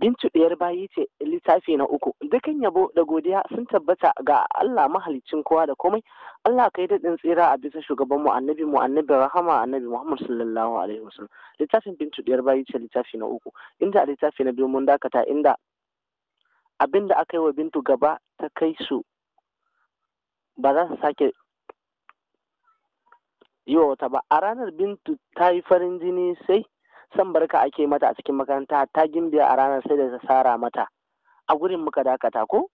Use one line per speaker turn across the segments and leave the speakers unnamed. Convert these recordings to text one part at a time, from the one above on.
Bintu ɗiyar bayi ce littafi na uku. Dukan yabo da godiya sun tabbata ga Allah mahalicin kowa da komai. Allah kai daɗin tsira a bisa shugaban mu annabi mu annabi rahama annabi Muhammad sallallahu alaihi wasallam. Littafin Bintu ɗiyar bayi ce littafi na uku. Inda a littafi na biyu mun dakata inda abin da aka yi wa Bintu gaba ta kai su ba za su sake yi wa wata ba. A ranar Bintu ta yi farin jini sai san barka ake mata a cikin makaranta ta gimbiya a ranar sai da ta sara mata a gurin muka dakata ko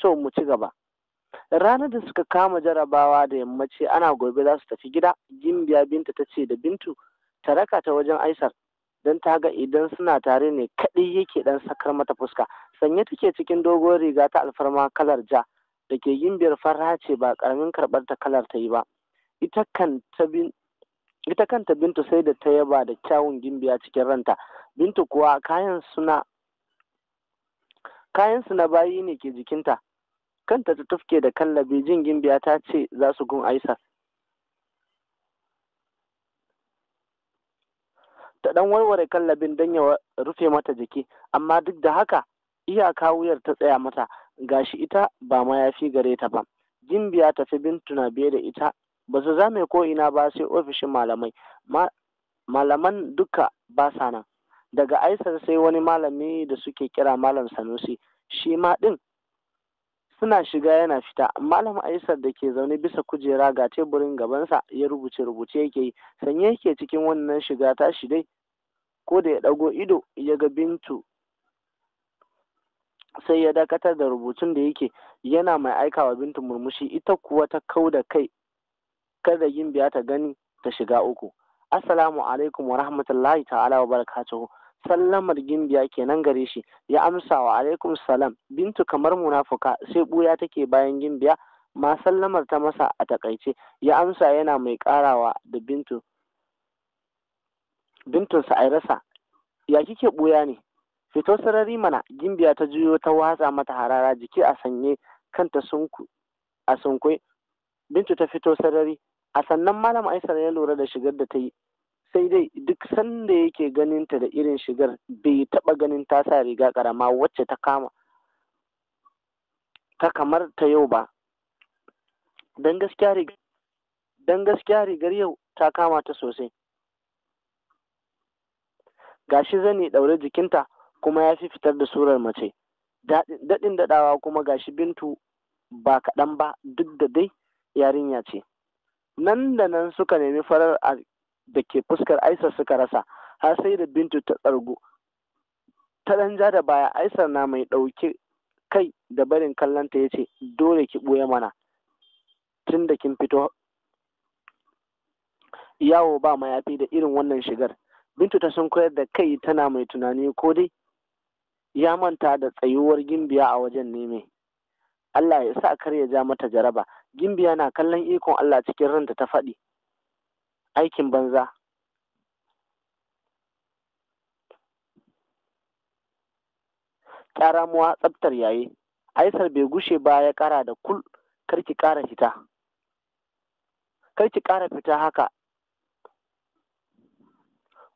to mu ci gaba ranar da suka kama jarabawa da yammaci ana gobe za su tafi gida gimbiya binta ta ce da bintu ta raka ta wajen aisar don ta ga idan suna tare ne kaɗai yake ɗan sakar mata fuska sanye take cikin dogon riga ta alfarma kalar ja da ke gimbiyar fara ce ba karamin karɓar ta kalar ta yi ba ita kan ta ita kanta bintu sai da ta yaba da kyawun gimbiya cikin ranta bintu kuwa kayan suna kayan suna na bayi ne ke jikinta kanta ta tufke da kallabe jin gimbiya ta ce za su gun aisa ta dan warware kallabin don ya rufe mata jiki amma duk da haka iyaka wuyar ta tsaya mata gashi ita ba mayafi gare ta ba gimbiya tafi bintu na biye da ita ba su zame ko ina ba sai ofishin malamai malaman duka ba sa nan daga aisar sai wani malami da suke kira malam sanusi shi ma din suna shiga yana fita malam aisar da ke zaune bisa kujera ga teburin gabansa ya rubuce rubuce yake yi sanye yake cikin wannan shiga tashi dai ko da ya ɗago ido ya ga bintu sai ya dakatar da rubutun da yake yana mai aikawa bintu murmushi ita kuwa ta kau da kai kada gimbiya ta gani ta shiga uku assalamu alaikum wa rahmatullahi ta'ala wa barakatuhu sallamar gimbiya kenan gare shi ya amsa wa alaikum salam bintu kamar munafuka sai buya take bayan gimbiya ma sallamar ta masa a takaice ya amsa yana mai karawa da bintu Bintun sa rasa ya kike buya ne fito sarari mana gimbiya ta juyo ta watsa mata harara jiki a sanye kanta sunku a sunkwai bintu ta fito sarari a sannan malam aisar ya lura da shigar da ta yi sai dai duk sanda yake ganin ta da irin shigar bai taba ganin ta sa riga karama wacce ta kama ta kamar ta yau ba don gaskiya rigar yau ta kama ta sosai gashi zane daure jikinta kuma ya fi fitar da surar mace daɗin daɗawa kuma gashi bintu ba kaɗan ba duk da dai yarinya ce nan da nan suka nemi farar da ke fuskar aisa suka rasa har sai da bintu ta tsargu ta ɗan ja da baya aisar na mai ɗauke kai da barin kallonta ya ce dole ki ɓoye mana tun da kin fito yawo ba mayafi da irin wannan shigar bintu ta sun koyar da kai tana mai tunani ko dai ya manta da tsayuwar gimbiya a wajen ne mai Allah ya sa kar ya ja mata jaraba gimbiya na kallon ikon Allah cikin ranta ta faɗi aikin banza ƙyaramuwa tsaftar yayi aisar bai gushe ba ya ƙara da kul karki ƙara fita karki ƙara fita haka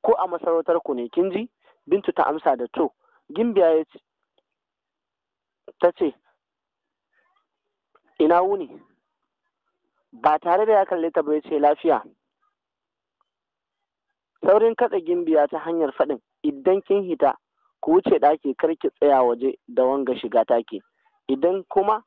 ko a masarautar ku ne kin ji bintu ta amsa da to gimbiya ya ce ta ce ina wuni ba tare da ya kalli ta ba ce lafiya saurin katse gimbiya ta hanyar faɗin idan kin hita ku wuce ɗaki kar ki tsaya waje da wanga shiga take idan kuma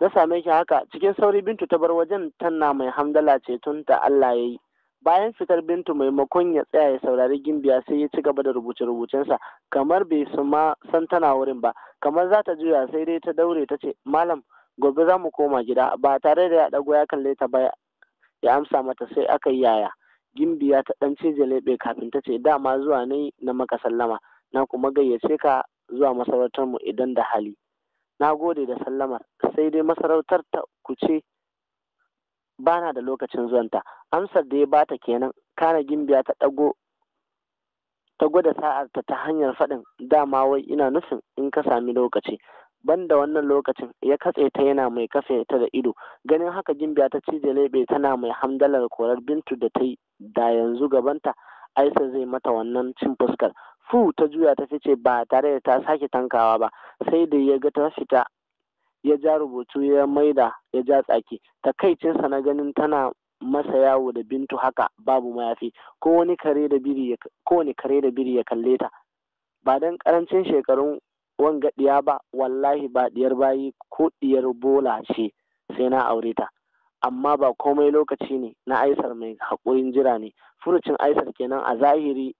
na same ki haka cikin sauri bintu ta bar wajen tana mai hamdala ce tun ta Allah ya yi Bayan fitar Bintu maimakon ya tsaya ya saurari Gimbiya sai ya ci gaba da rubuce-rubucensa kamar bai su ma san tana wurin ba, kamar za ta juya sai dai ta daure ta ce, Malam, gobe za mu koma gida ba tare da ya ɗago ya kalle ta ba ya amsa mata sai aka yi yaya. Gimbiya ta ɗan ce leɓe kafin ta ce dama zuwa ne na maka sallama na kuma gayyace ka zuwa masarautar mu idan da hali. Na gode da sallamar sai dai masarautar ta kuce bana da lokacin zuwanta amsar da ya bata kenan kana gimbiya ta ɗago ta gwada sa'arta ta hanyar faɗin dama wai ina nufin in ka sami lokaci banda wannan lokacin ya katse ta yana mai kafe ta da ido ganin haka gimbiya ta cije laibe tana mai hamdalar korar bintu da ta yi da yanzu gabanta aisa zai mata wannan cin fuskar fu ta juya ta fice ba tare da ta sake tankawa ba sai da ya ga ta fita ya ja rubutu ya maida ya ja tsaki takaicinsa na ganin tana masa yawo da bintu haka babu mayafi ko wani kare da biri ya kare da biri ya kalle ta ba dan karancin shekarun wanga diya ba wallahi ba diyar bayi ko diyar bola ce sai na aure ta amma ba komai lokaci ne na aisar mai haƙurin jira ne furucin aisar kenan a zahiri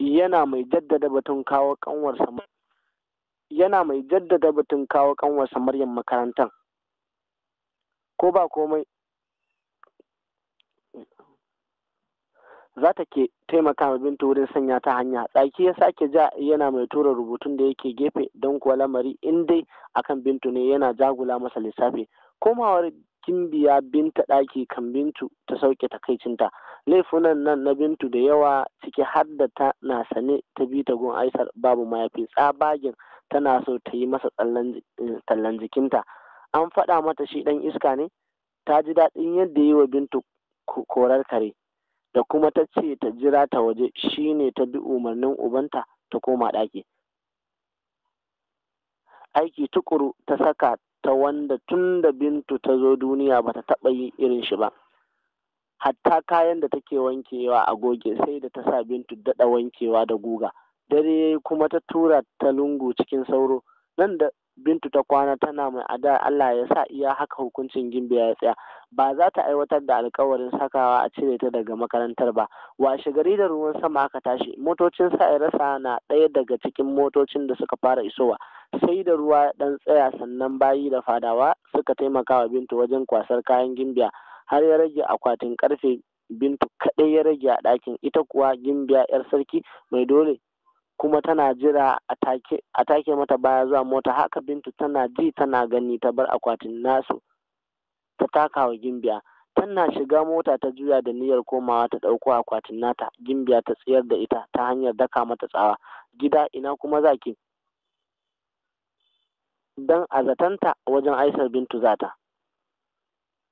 yana mai jaddada batun kawo kanwarsa yana mai jaddada batun kawo kanwarsa Maryam makarantar. Ko ba komai za ta ke taimaka ma Binta wurin sanya ta hanya. Tsaki ya sake ja yana mai tura rubutun da yake gefe don kuwa lamari in dai kan Bintu ne yana jagula masa lissafi. Komawar kimbiya Binta ɗaki kan Bintu ta sauke takaicinta. Laifunan nan na Bintu da yawa ciki har da ta na sane ta bi ta gun aisar babu mayafi tsabagen tana so ta yi masa eh, tallan jikinta an faɗa mata shi ɗan iska ne ta ji daɗin yadda yi wa bintu korar kare da kuma ta ce ta jira ta waje shi ne ta bi umarnin ubanta ta koma ɗaki aiki tukuru ta saka ta wanda tun da bintu ta zo duniya ba ta taɓa yi irin shi ba hatta kayan da take wankewa a goge sai da ta sa bintu daɗa wankewa da guga Dare kuma ta tura ta lungu cikin sauro. Nan da Bintu ta kwana tana mai addu'ar Allah ya sa iya haka hukuncin Gimbiya ya tsaya. Ba za ta aiwatar da alkawarin sakawa a cire ta daga makarantar ba. Washe gari da ruwan sama aka tashi, motocin sa rasa na ɗaya daga cikin motocin da suka fara isowa. Sai da ruwa dan tsaya sannan bayi da fadawa suka taimaka wa Bintu wajen kwasar kayan Gimbiya har ya rage akwatin karfe Bintu kaɗai ya rage a ɗakin ita kuwa Gimbiya 'yar sarki mai dole kuma tana jira a take mata baya zuwa mota haka bintu tana ji tana gani ta bar akwatin nasu ta taka wa gimbiya tana shiga mota ta juya da niyyar komawa ta ɗauko akwatin nata gimbiya ta tsayar da ita ta hanyar daka mata tsawa gida ina kuma zaki don a zatanta wajen aisar bintu zata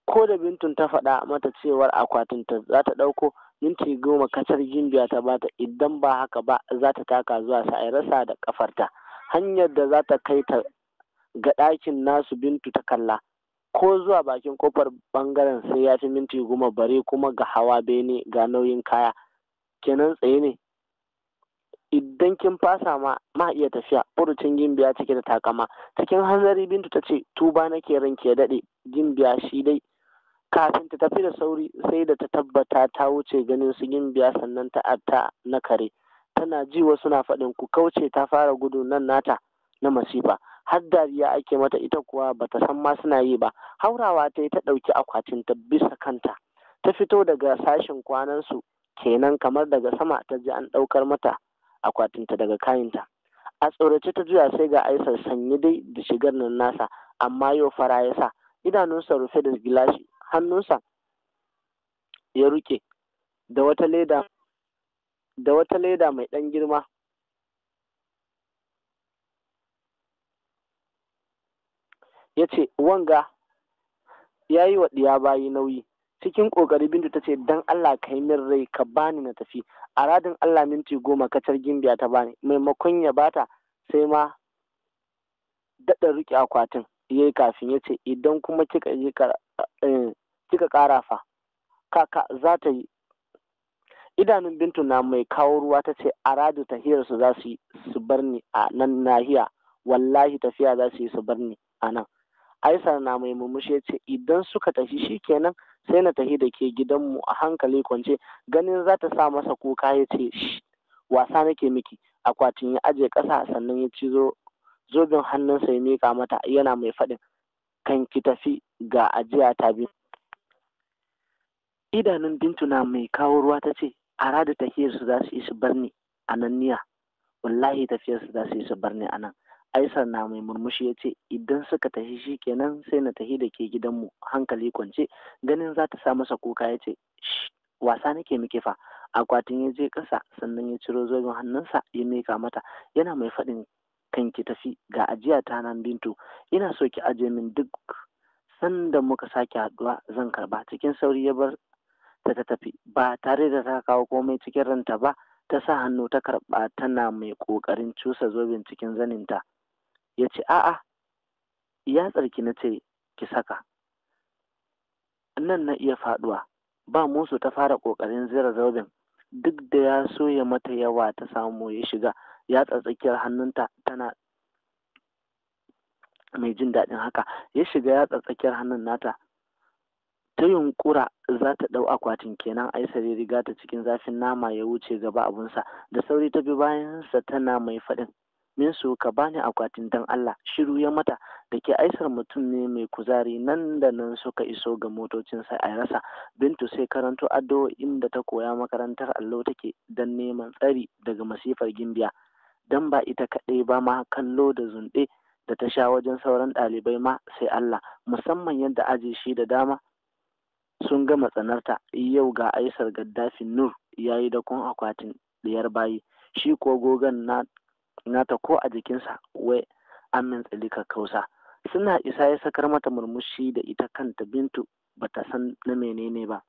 ko da bintun ta faɗa mata cewar akwatin ta za ta ɗauko minti goma kasar gimbiya ta bata idan ba haka ba za ta taka zuwa rasa da kafarta hanyar da za ta kai ta ga ɗakin nasu bintu ta kalla ko zuwa bakin kofar bangaren sai ya fi minti goma bare kuma ga hawa bene ga nauyin kaya kenan tsaye ne idan kin fasa ma ma iya tafiya furucin gimbiya cike da takama cikin hanzari bintu ta ce tuba nake ranke daɗe gimbiya shi dai kafin ta tafi da sauri sai da ta tabbata ta wuce ganin su yin biya sannan ta atta na kare tana ji wasu na faɗin ku kauce ta fara gudu nan nata na masifa har dariya ake mata ita kuwa ba ta san ma suna yi ba haurawa ta yi ta ɗauki akwatin ta bisa kanta ta fito daga sashen su kenan kamar daga sama ta ji an ɗaukar mata akwatinta daga kayanta a tsorace ta juya sai ga aisar sanyi dai da shigar nan nasa amma yau fara ya sa idanunsa rufe da gilashi hannunsa ya ruke da wata leda da wata leda mai ɗan girma ya ce wanga ya yi wa ɗiya bayi nauyi cikin ƙoƙari bintu ta ce don Allah ka yi min rai ka bani na tafi a radin Allah minti goma kacar gimbiya ta bani maimakon ya bata sai ma daɗa riƙe akwatin ya yi kafin ya ce idan kuma kika yi je eh, kika ƙara fa kaka za ta yi idanun bintu na mai kawo ruwa ta ce a radu su za su yi su bar ni a nan nahiya wallahi tafiya za su yi su bar ni a nan aisa na mai murmushi ce idan suka tafi shi kenan sai na tafi da ke gidanmu a hankali kwance ganin za ta sa masa kuka ya ce wasa nake miki akwatin ya aje ƙasa sannan ya ci zobin hannunsa ya mika mata yana mai faɗin kan ki tafi ga ajiya ta biyu idanun bintu na mai kawo ruwa ta ce ara da tafiyar su za su yi su barni a nan niya wallahi tafiyar su za su yi su barni a nan aisar na mai murmushi ya ce idan suka tafi shi kenan sai na tafi da ke gidanmu hankali kwance ganin za ta sa masa kuka ya ce wasa nake muke fa akwatin ya je ƙasa sannan ya ciro zoben hannunsa ya mika mata yana mai faɗin kan ki tafi ga ajiya ta nan bintu ina so ki aje min duk sanda muka sake haɗuwa zan karba cikin sauri ya bar ta ta tafi ba tare da ta kawo komai cikin ranta ba ta sa hannu ta karɓa tana mai ƙoƙarin cusa zobin cikin zaninta ya ce a'a ya tsarki na ce ki saka nan na iya faɗuwa ba musu ta fara ƙoƙarin zira zobin duk da ya soya mata yawa ta samu ya shiga ya tsatsakiyar hannunta tana mai jin daɗin haka ya shiga ya tsatsakiyar hannun nata ta yunƙura za ta ɗau akwatin kenan aisar ya riga ta cikin zafin nama ya wuce gaba abunsa da sauri ta bi bayansa tana mai faɗin minsu ka bani akwatin dan Allah shiru ya mata da ke aisar mutum ne mai kuzari nan da nan suka iso ga motocinsa a rasa bintu sai karanto addo inda ta koya makarantar allo take dan neman tsari daga masifar gimbiya dan ba ita kaɗai ba ma kallo da zunɗe da ta sha wajen sauran ɗalibai ma sai Allah musamman yadda aji shi da dama sun gama tsanarta yau ga aisar gaddafi nur ya yi dakon akwatin ɗiyar bayi shi ko gogon nata ko a jikinsa wai an min tsalika kausa suna isa ya sakar mata murmushi da ita kanta bintu ba ta san na menene ba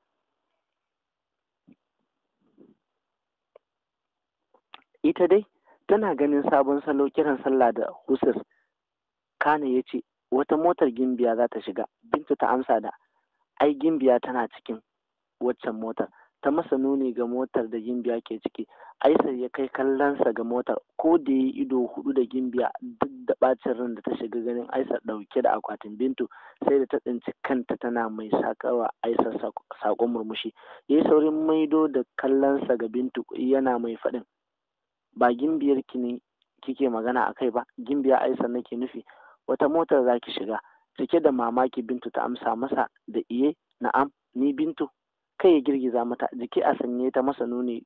ita dai tana ganin sabon salo kiran sallah da husir kane ya ce wata motar gimbiya za ta shiga bintu ta amsa da ai gimbiya tana cikin waccan motar ta masa nuni ga motar da gimbiya ke ciki aisar ya kai kallonsa ga motar ko da ya ido hudu da gimbiya duk da bacin ran da ta shiga ganin aisar dauke da akwatin bintu sai da ta tsinci kanta tana mai sakawa aisar sakon murmushi yayi saurin maido da kallonsa ga bintu yana mai faɗin ba gimbiyar ki ne kike magana akai ba gimbiya aisar nake nufi wata motar zaki shiga cike da mamaki bintu ta amsa masa da iye na'am ni bintu kai ya girgiza mata jiki a sanye ta masa nuni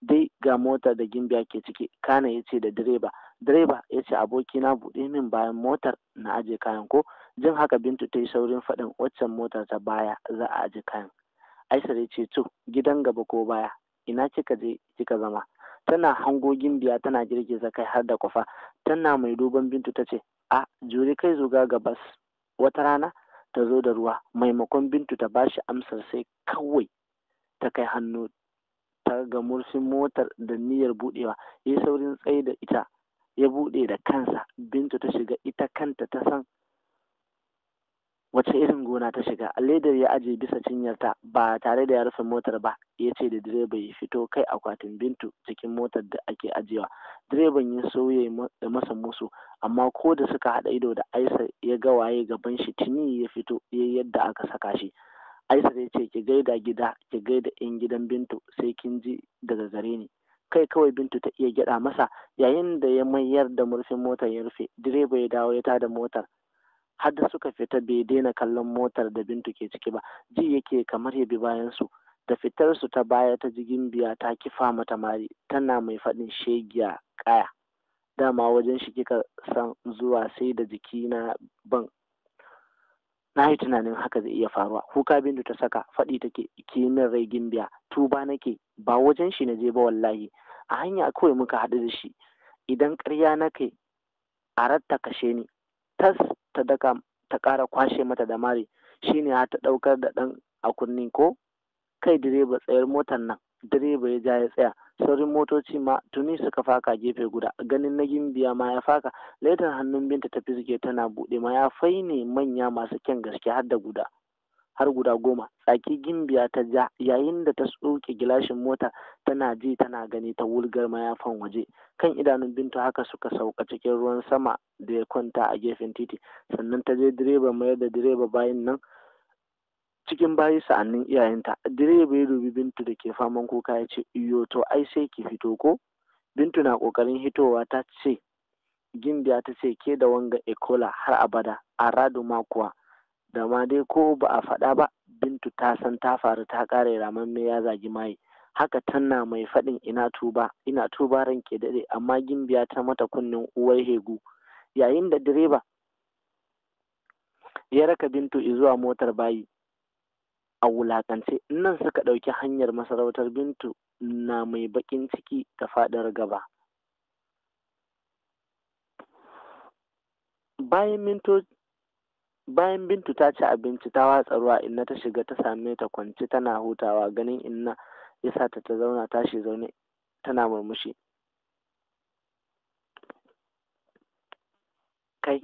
dai ga motar da gimbiya ke ciki kana ya ce da direba direba ya ce abokina buɗe min bayan motar na aje kayan ko jin haka bintu ta yi saurin faɗin waccan motar ta baya za a aje kayan aisar ya ce to gidan gaba ko baya ina kika je kika zama tana hango gimbiya tana girgiza kai har da kwafa tana mai duban bintu ta ce a jure kai zuga gabas wata rana ta zo da ruwa maimakon bintu ta ba shi amsar sai kawai ta kai hannu ta ga murfin motar da niyyar budewa ya saurin tsaye da ita ya bude da kansa bintu ta shiga ita kanta ta san wace irin gona ta shiga ledar ya aje bisa cinyarta ba tare da ya rufe motar ba ya ce da direban ya fito kai akwatin bintu cikin motar da ake ajiyewa direban ya so da masa musu amma ko da suka haɗa ido da aisa ya ga waye gaban shi tuni ya fito ya yadda aka saka shi aisa ya ce ki gaida gida ki gaida yan gidan bintu sai kin ji daga gare ni kai kawai bintu ta iya gyada masa yayin da ya mayar da murfin motar ya rufe direba ya dawo ya tada motar har da suka fita bai daina kallon motar da bintu ke ciki ba ji yake kamar ya bi bayan su da fitar su ta baya ta ji gimbiya ta kifa mata mari tana mai faɗin shegiya kaya dama wajen shi kika san zuwa sai da jiki na ban na yi tunanin haka zai iya faruwa kuka bindu ta saka faɗi take ki min rai gimbiya tuba nake ba wajen shi na je ba wallahi a hanya kawai muka haɗu da shi idan ƙarya nake a ratta kashe ni tas ta daka ta ƙara kwashe mata da mari shine har ta ɗaukar da ɗan a kunni ko kai direba tsayar motar nan direba ya ja ya tsaya saurin motoci ma tuni suka faka gefe guda ganin na gimbiya ma ya faka laitar hannun binta ta fizge tana buɗe ma ya faine manya masu kyan gaske har da guda har guda goma tsaki gimbiya ta ja yayin da ta tsoke gilashin mota tana ji tana gani ta wulgar mayafan waje kan idanun bintu haka suka sauka cikin ruwan sama da ya kwanta a gefen titi sannan ta je direba mayar da direba bayan nan cikin bayi sa'annin iyayenta direba ya dubi bintu da ke faman kuka ya ce iyo to ai sai ki fito ko bintu na kokarin hitowa ta ce gimbiya ta ce ke da wanga ekola har abada a radu makuwa da ma dai ko ba a faɗa ba bintu ta san ta faru ta ƙare me ya zagi maye haka tana mai faɗin ina tuba ina tuba ran ke daɗe amma gimbiya ta mata kunnen uwar hegu yayin da direba ya raka bintu zuwa motar bayi a wulakance nan suka ɗauki hanyar masarautar bintu na mai baƙin ciki da faɗar gaba bayan mintoci bayan bintu ta ci abinci ta watsa ruwa inna ta shiga ta same ta kwanci tana hutawa ganin inna ya sa ta ta zauna tashi zaune tana murmushi kai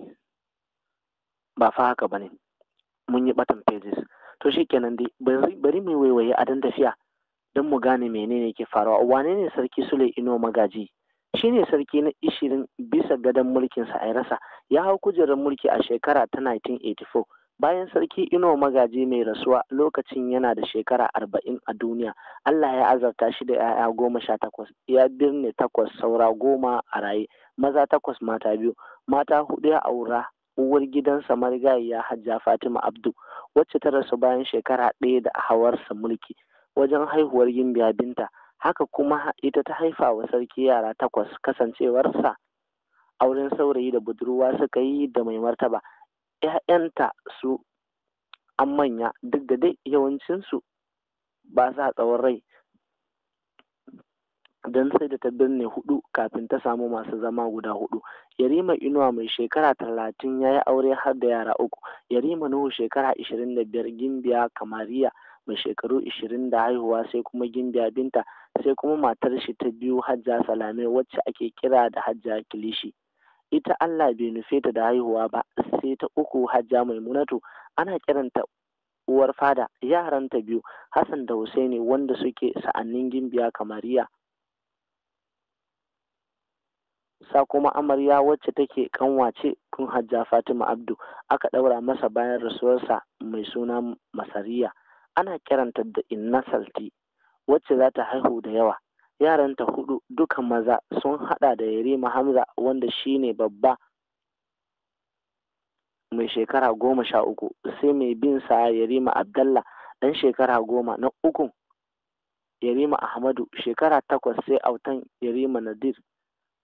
ba fa haka bane mun yi batan pages to shi kenan dai bari mu waiwaye a dan tafiya don mu gane menene ke faruwa wane ne sarki sule ino magaji shi ne sarki na ishirin bisa gadon mulkinsa a rasa ya hau kujerar mulki a shekara ta 1984 bayan sarki ino magaji mai rasuwa lokacin yana da shekara arba'in a duniya allah ya azarta shi da 'ya'ya goma sha takwas ya birne takwas saura goma a raye maza takwas mata biyu mata hudu ya aura uwar gidansa ya hajja fatima abdu wacce ta rasu bayan shekara ɗaya da hawarsa mulki wajen haihuwar yin binta haka kuma ita ta haifa wa sarki yara takwas kasancewarsa auren saurayi da budurwa suka yi da mai martaba ‘ya'yanta su an manya duk da dai yawancinsu ba sa tsawon rai don sai da ta birne hudu kafin ta samu masu zama guda hudu yarima inuwa mai shekara talatin ya yi aure har da yara uku yarima nuhu shekara ashirin da biyar gimbiya kamariya mai shekaru ishirin da haihuwa sai kuma gimbiya binta sai kuma matar shi ta biyu hajja salame wacce ake kira da hajja kilishi ita allah bai nufe ta da haihuwa ba sai ta uku hajja maimunatu ana kiranta uwar fada ta biyu hassan da husaini wanda suke sa'annin gimbiya kamariya sa kuma amarya wacce take kanwace kun hajja fatima abdu aka ɗaura masa bayan rasuwarsa mai suna masariya ana kiranta da inna salti wacce za ta haihu da yawa yaranta hudu duka maza sun hada da yarima hamza wanda shine babba mai shekara goma sha uku sai mai bin sa yarima abdalla dan shekara goma na ukun yarima ahmadu shekara takwas sai autan yarima nadir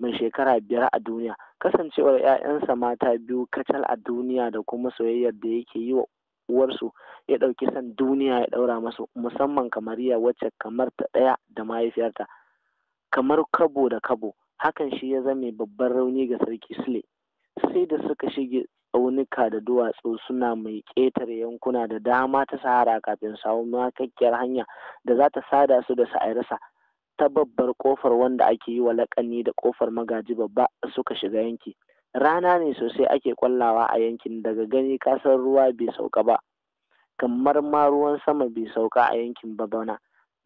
mai shekara biyar a duniya kasancewar 'ya'yansa mata biyu kacal a duniya da kuma soyayyar da yake yi wa uwarsu ya ɗauki san duniya ya ɗaura masu musamman ya wacce kamar ta ɗaya da mahaifiyarta kamar kabo da kabo hakan shi ya zame babban rauni ga sarki sule sai da suka shige tsaunuka da duwatsu suna mai ƙetare yankuna da dama ta sahara kafin samu makakkiyar hanya da za ta sada su da sa'irisa ta babbar kofar wanda ake yi wa laƙani da kofar magaji babba suka shiga yanki rana ne sosai ake kwallawa a yankin daga gani kasar ruwa bai sauka ba kamar ma ruwan sama bai sauka a yankin ba bana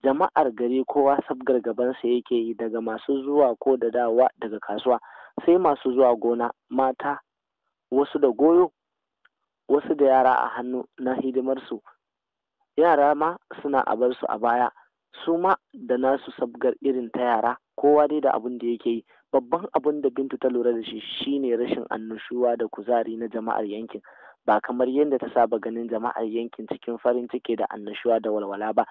jama'ar gari kowa sabgar gabansa yake yi daga masu zuwa ko da dawa daga kasuwa sai masu zuwa gona mata wasu da goyo wasu da yara a hannu na hidimarsu yara ma suna a bar a baya su ma da nasu sabgar irin ta yara kowa dai da abin da yake yi babban abin da bintu ta lura da shi shine rashin annushuwa da kuzari na jama'ar yankin ba kamar yadda ta saba ganin jama'ar yankin cikin farin ciki da annushuwa da walwala ba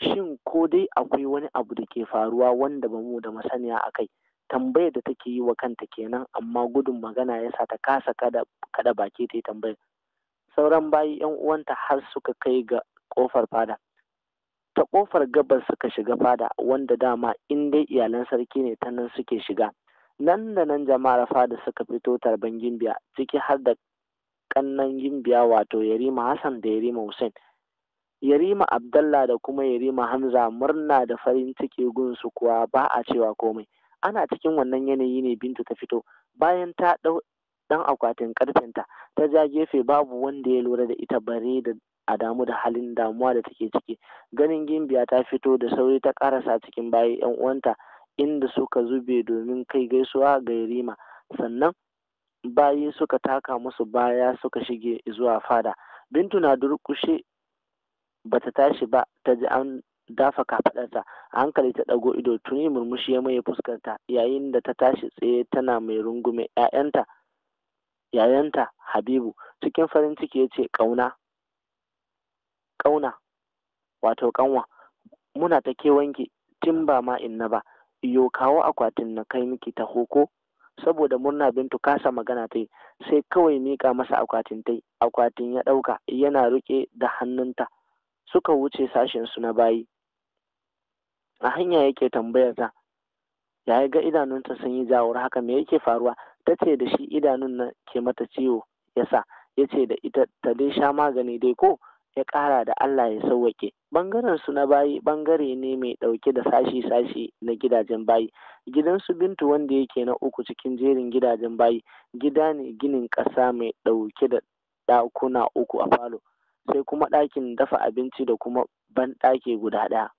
shin ko dai akwai wani abu da ke faruwa wanda ba mu da masaniya a kai tambayar da take yi wa kanta kenan amma gudun magana ya sa ta kasa kada, kada baki ta yi tambayar sauran bayi yan uwanta har suka kai ga kofar fada ta kofar gabas suka shiga fada wanda dama in dai iyalan sarki ne ta nan suke shiga nan da nan jama'ar fada suka fito tarban gimbiya ciki har da kannan gimbiya wato yarima hassan da yarima hussein yarima abdallah da kuma yarima hamza murna da farin ciki gunsu kuwa ba a cewa komai ana cikin wannan yanayi ne bintu ta fito bayan ta ɗau ɗan akwatin ƙarfinta ta ja gefe babu wanda ya lura da ita bare da a damu da halin damuwa da take ciki ganin gimbiya ta fito da sauri ta karasa cikin bayi yan uwanta inda suka zube domin kai gaisuwa ga yarima sannan bayi suka taka musu baya suka shige zuwa fada bintu na durkushe bata tashi ba ta ji an dafa kafaɗarta hankali ta ɗago ido tuni murmushi ya maye fuskarta yayin da ta tashi tsaye tana mai rungume 'ya'yanta yayanta habibu cikin farin ciki ya ce ƙauna ƙauna wato ƙanwa muna ta ki, tun ba ma inna ba yo kawo akwatin na kai miki ta hoko saboda murna bintu kasa magana ta sai kawai mika masa akwatin ta akwatin ya ɗauka yana riƙe da hannunta suka wuce sashen su na bayi a hanya yake tambayar ta ya ga idanunta sun yi jawar haka me yake faruwa ta ce da shi idanun na ke mata ciwo yasa ya ce da ita ta dai sha magani dai ko ya ƙara da Allah ya sauwake. Bangaren su na bayi bangare ne mai ɗauke da sashi-sashi na gidajen bayi. Gidansu Bintu wanda yake na uku cikin jerin gidajen bayi, gida ne ginin ƙasa mai ɗauke da ɗakuna uku a falo, sai kuma ɗakin dafa abinci da kuma ban ɗaki guda ɗaya.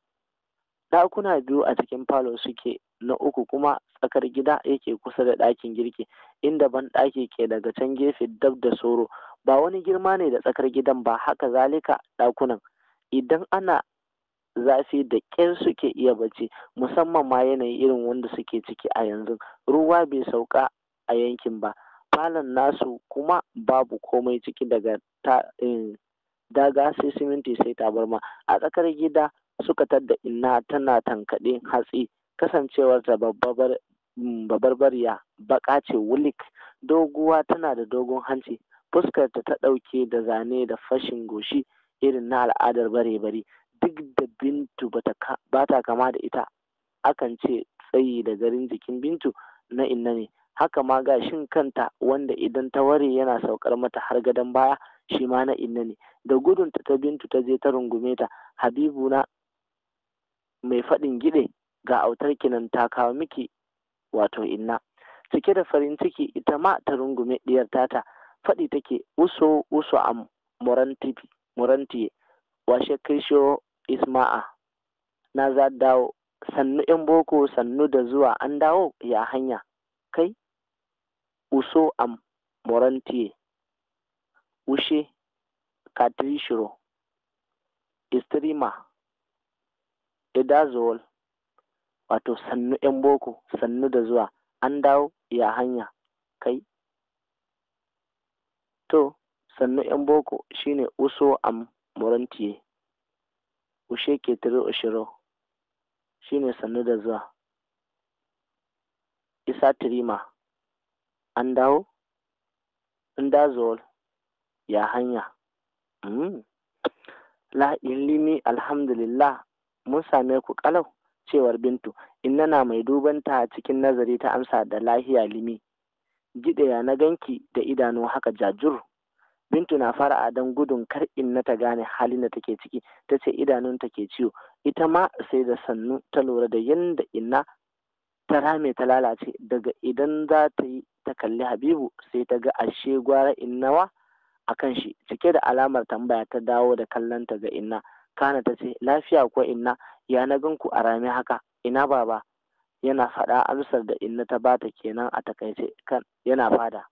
Ɗakuna biyu a cikin falo suke na uku kuma tsakar gida yake kusa da ɗakin girki inda ban ɗaki ke daga can gefe dab da soro ba wani girma ne da tsakar gidan ba haka zalika ɗakunan idan ana zafi da ƙyar suke iya bacci musamman ma yanayi irin wanda suke ciki a yanzu ruwa bai sauka a yankin ba falon nasu kuma babu komai ciki daga ta eh, daga sai siminti sai tabarma a tsakar gida suka tadda inna tana tankaɗe hatsi kasancewarta babarbariya mm, baka ce wulik doguwa tana da dogon hanci fuskarta ta ɗauke da zane da fashin goshi irin na al'adar bare-bare duk da bintu ba ta kama da ita akan ce tsayi da garin jikin bintu na inna ne haka ma gashin kanta wanda idan ta ware yana saukar mata har gadon baya shi ma na inna ne da gudunta ta bintu ta je ta rungume ta habibu na mai faɗin gide ga autar kinan ta kawo miki wato inna cike da farin ciki ita ma ta rungume diyar tata faɗi take uso uso a murantiye washe kishiyo isma'a na za dawo sannu yan boko sannu da zuwa an dawo ya hanya kai uso am morantiye ushe katrishiro istrima edazol wato sannu ‘yan boko sannu da zuwa an dawo ya hanya kai to sannu ‘yan boko shine uso am murantiye ushe ketare ushiro shine sannu da zuwa isa tirima an dawo ndazol ya hanya mm. la limi alhamdulillah mun same ku kalau cewar Bintu, inna na mai duban ta cikin nazari ta amsa da lahiya limi. Gidaya na ganki da idanu haka jajur. Bintu na fara'a don gudun kar inna ta gane halin da take ciki, ta ce ta ke ciwo, ita ma sai da sannu ta lura da yadda inna ta rame ta lalace daga idan za ta yi ta kalli Habibu sai ta ga ashe gwara innawa a kan shi cike da alamar tambaya ta dawo da kallonta ga inna. Kana ta ce lafiya ko inna ya na ganku a rami haka ina baba yana faɗa amsar da inna ta bata kenan a takaice kan yana fada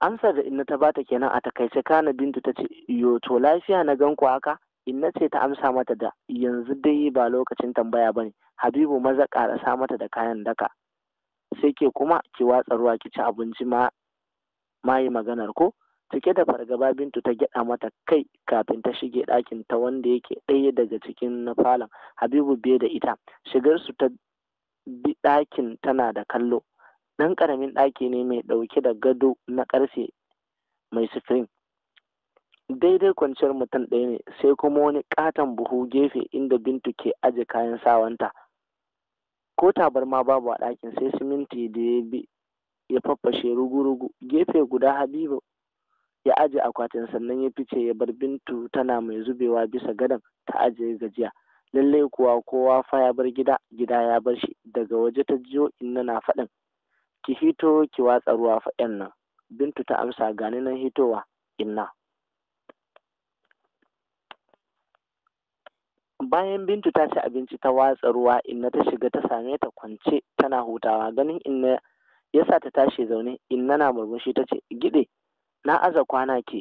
amsar da inna ta bata kenan a takaice kana bintu ta ce yo to lafiya na ganku haka inna ce ta amsa mata da yanzu dai ba lokacin tambaya bane habibu maza karasa mata da kayan daka sai ke kuma ki watsa ruwa ki ci abinci ma ma maganar ko cike da fargaba bintu ta gyada mata kai kafin ta shige ɗakin ta wanda yake ɗaya daga cikin na falon habibu biye da ita shigar su ta bi ɗakin tana da kallo ɗan ƙaramin ɗaki ne mai ɗauke da gado na ƙarfe mai sifirin daidai kwanciyar mutum ɗaya ne sai kuma wani ƙaton buhu gefe inda bintu ke aje kayan sawanta ko tabarma babu a ɗakin sai siminti da ya bi ya faffashe rugu-rugu gefe guda habibu Ya aje akwatin sannan ya fice ya bar Bintu tana mai zubewa bisa gadon ta ajiye gajiya. Lallai kuwa kowa fa ya bar gida, gida ya bar shi. Daga waje ta jiyo inna na faɗin. Ki hito ki watsa ruwa fa nan. Bintu ta amsa gani nan hitowa inna. Bayan Bintu ta ci abinci ta watsa ruwa inna ta shiga ta same ta kwance tana hutawa ganin inna ya sa ta tashi zaune inna na murmushi ta ce gide na aza kwana ke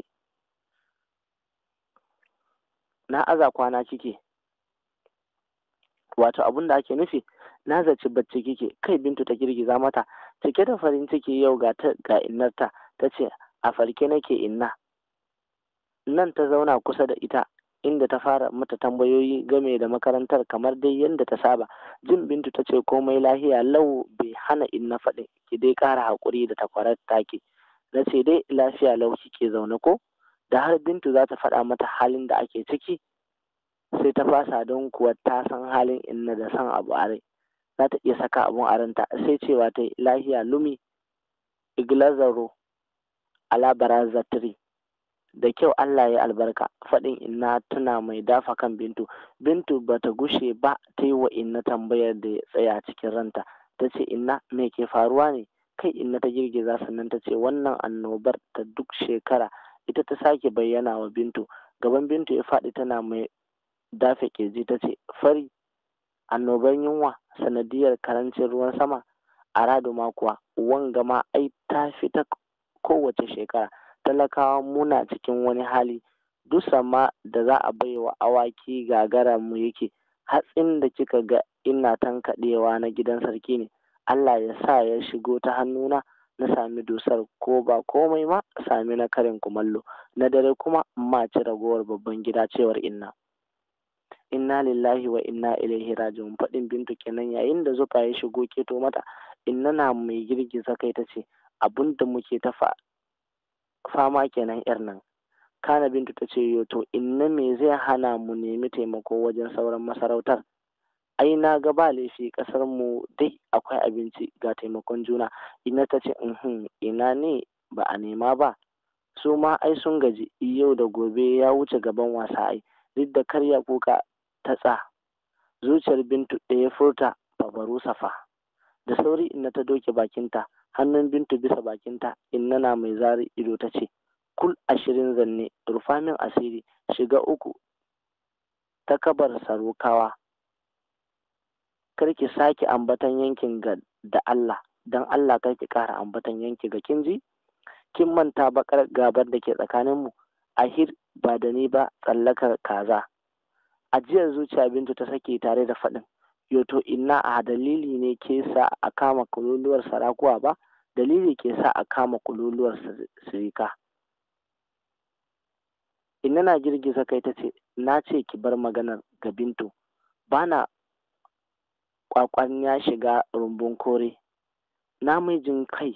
na aza kwana kike wato abin da ake nufi na zaci bacci kike kai bintu ta girgiza mata cike da farin ciki yau ga ta ga innarta ta ce a farke nake inna nan ta zauna kusa da ita inda ta fara mata tambayoyi game da makarantar kamar dai yadda ta saba jin bintu ta ce komai lahiya lau bai hana inna faɗin ki dai ƙara haƙuri da takwarar take na ce dai lafiya lau ke zaune ko da har bintu za ta faɗa mata halin da ake ciki sai ta fasa don kuwa ta san halin inna da san abu a za ta iya saka abun a sai cewa ta lafiya lumi iglazaro ala barazatri da kyau Allah ya albarka faɗin inna tana mai dafa kan bintu bintu bata gushe ba ta yi wa inna tambayar da ya tsaya cikin ranta ta ce inna me ke faruwa ne kai in na ta girgiza sannan ta ce wannan annobar ta duk shekara ita ta sake bayyana wa bintu gaban bintu ya faɗi tana mai dafe kirji ta ce fari annobar yunwa sanadiyar karancin ruwan sama a rado makuwa wanga ma ai ta fita kowace shekara talakawa muna cikin wani hali dusa sama da za a bai baiwa awaki gagara mu yake hatsin da kika ga ina tankaɗewa na gidan sarki ne Allah ya sa ya shigo ta hannuna na sami dusar ko ba komai ma sami na karin kumallo na dare kuma ma ci ragowar babban gida cewar inna inna lillahi wa inna ilaihi raji'un fadin bintu kenan yayin da zufa ya shigo keto mata inna na mai girgiza kai ta ce abin da muke ta fama kenan yar nan kana bintu ta ce yo to inna me zai hana mu nemi taimako wajen sauran masarautar ai na ga ba laifi kasar mu dai akwai abinci ga taimakon juna ina ta ce ina ne ba a nema ba su ma ai sun gaji yau da gobe ya wuce gaban wasa ai duk da karya kuka ta tsa zuciyar bintu ɗaya furta babaru safa da sauri ina ta doke bakinta hannun bintu bisa bakinta inna na mai zari ido ta ce kul ashirin zanne rufamin asiri shiga uku ta kabar sarukawa kar ki sake ambatan yankin ga da Allah dan Allah kar ki ƙara ambatan yanki ga kinji kin manta bakar gabar da ke tsakanin mu ahir ba da ni ba tsallakar kaza ajiyar zuciya bintu ta sake tare da faɗin yoto inna a dalili ne ke sa a kama kululuwar sarakuwa ba dalili ke sa a kama kululuwar sirika inna na girgiza kai ta ce na ce ki bar maganar ga bintu bana kwakwan ya shiga rumbun kore Na namijin kai